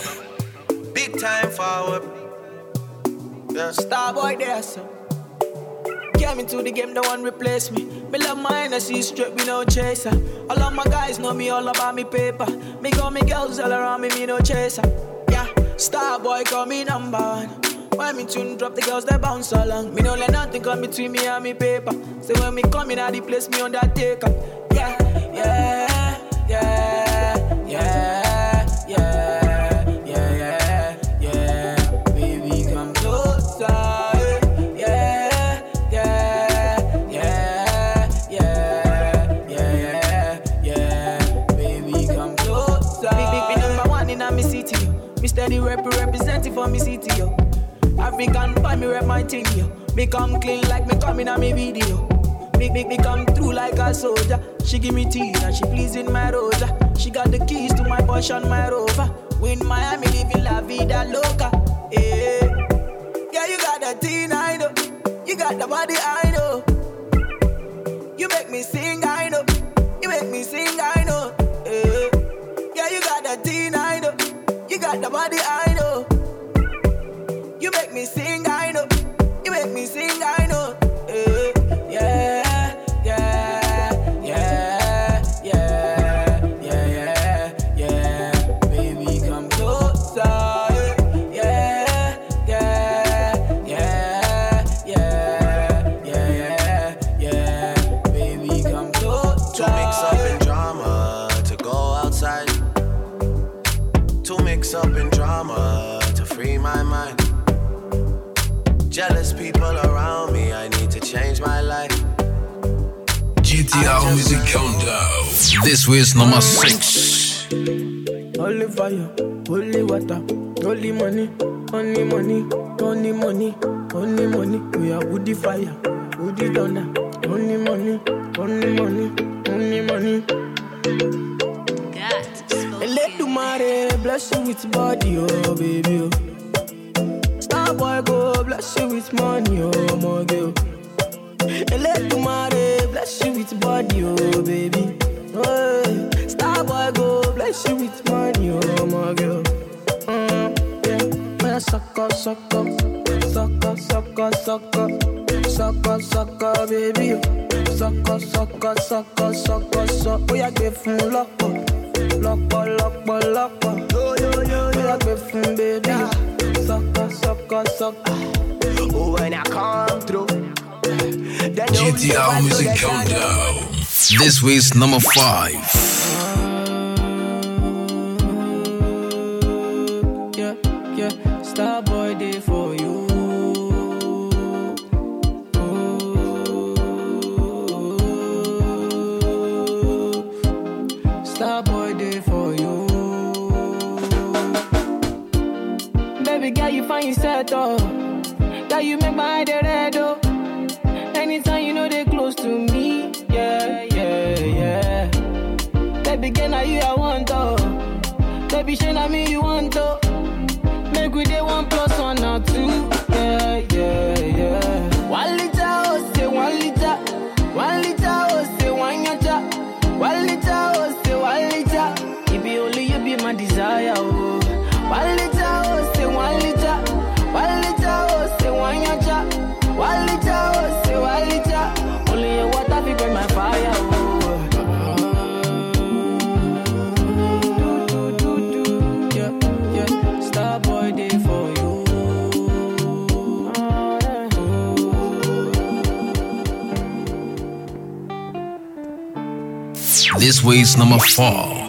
Big time forward. Yeah. Starboy there, sir. Came into the game, the one replace me. Me love my energy straight, me no chaser. All of my guys know me all about me paper. Me got me girls all around me, me no chaser. Yeah, star boy, call me number one. When me tune drop, the girls they bounce along. Me no let nothing come between me and me paper. So when me come in at the place, me undertaker. be representing for me city, yo. African pie, me rep my thing, yo. Me come clean like me coming on me video. Make me, me come through like a soldier. She give me tea and she pleasing my rosa. She got the keys to my Porsche and my Rover. We in Miami living la vida loca. Yeah, yeah you got the teen, I know. You got the body, I know. This was number six. Holy fire, holy water, holy money, only money, only money, only money. We are woody fire, woody thunder, only money, only money, only money. Let the mare bless you with body, oh baby. Oh. Star boy go bless you with money, oh my girl. Let the mare bless you with body, oh baby. Hey, star boy GTR Music Countdown. This week's number five. Baby girl, you find yourself though. Girl, you make my day. be shame me you want to. Make we the one plus. This week's number four.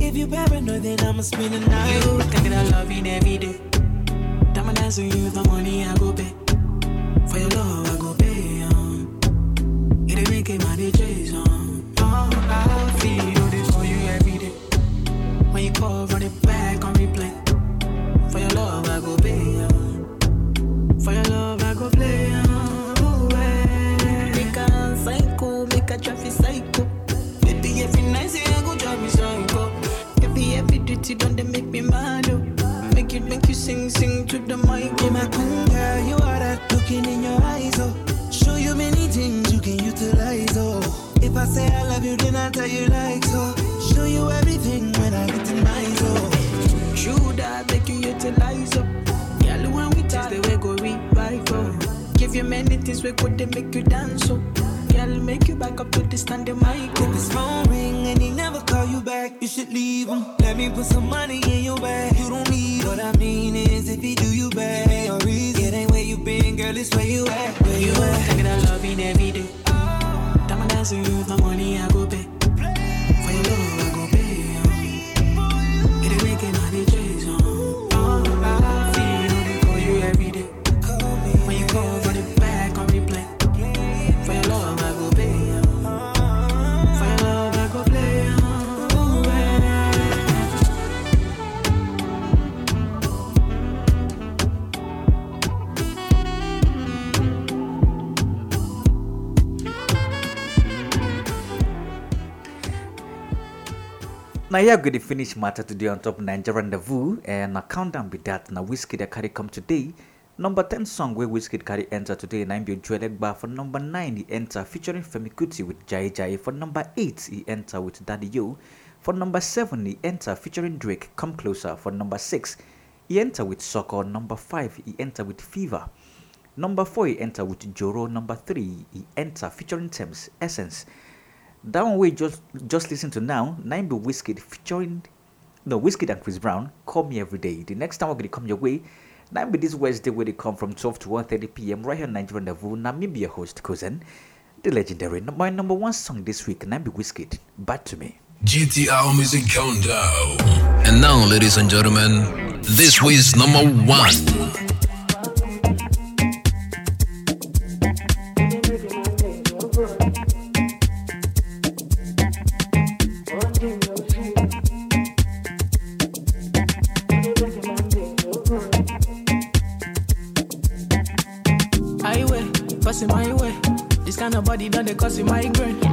If you paranoid, then I'ma spend the night. You thinking that love you every day. Diamond dance with you, the money I go pay. For your love, I go pay. Um. It ain't it money, Jason. Oh, I feel this for you every day. When you call, run it back on replay. For your love, I go pay. Um. Make it make you sing, sing to the mic. Oh my girl, you are that looking in your eyes, oh. Show you many things you can utilize, oh. If I say I love you, then I tell you like so. Oh. Show you everything when I get to my oh. True that make you utilize, oh. Girl, when we talk, they way go revive, oh. Give you many things we could, make you dance, oh girl, make you back up to the standing mic. If his phone ring and he never call you back, you should leave him. Let me put some money in your bag. You don't need what I mean is if he do you bad, ain't no reason. It ain't where you been, girl, it's where you at. Where you, you at? Thinking I love me, never do. Diamond dancing with my money, I go pay. Now yeah, good finish matter today on top Niger Rendezvous and a countdown down be that now whiskey that carry come today. Number 10 song where Whiskey carry enter today and I'm Bar for number 9 he enter featuring Femi Kuti with Jai Jai for number 8 he enter with Daddy Yo for number 7 he enter featuring Drake Come Closer for number 6 he enter with Soccer number 5 he enter with Fever number 4 he enter with Joro number 3 he enter featuring Thames Essence that one we just just listen to now, Naimbi Whiskey featuring no Whiskey and Chris Brown, Call Me Every Day. The next time we're gonna come your way, Naimbi this Wednesday where they come from 12 to 1.30 p.m. right here on Nigerian Rendezvous, Namibia host cousin, the legendary my number one song this week, Naimbi Whiskey, Bad to Me. GTR Music Countdown. And now, ladies and gentlemen, this week's number one. body done they cause a migraine.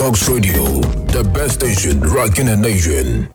Talks Radio, the best station rocking the nation.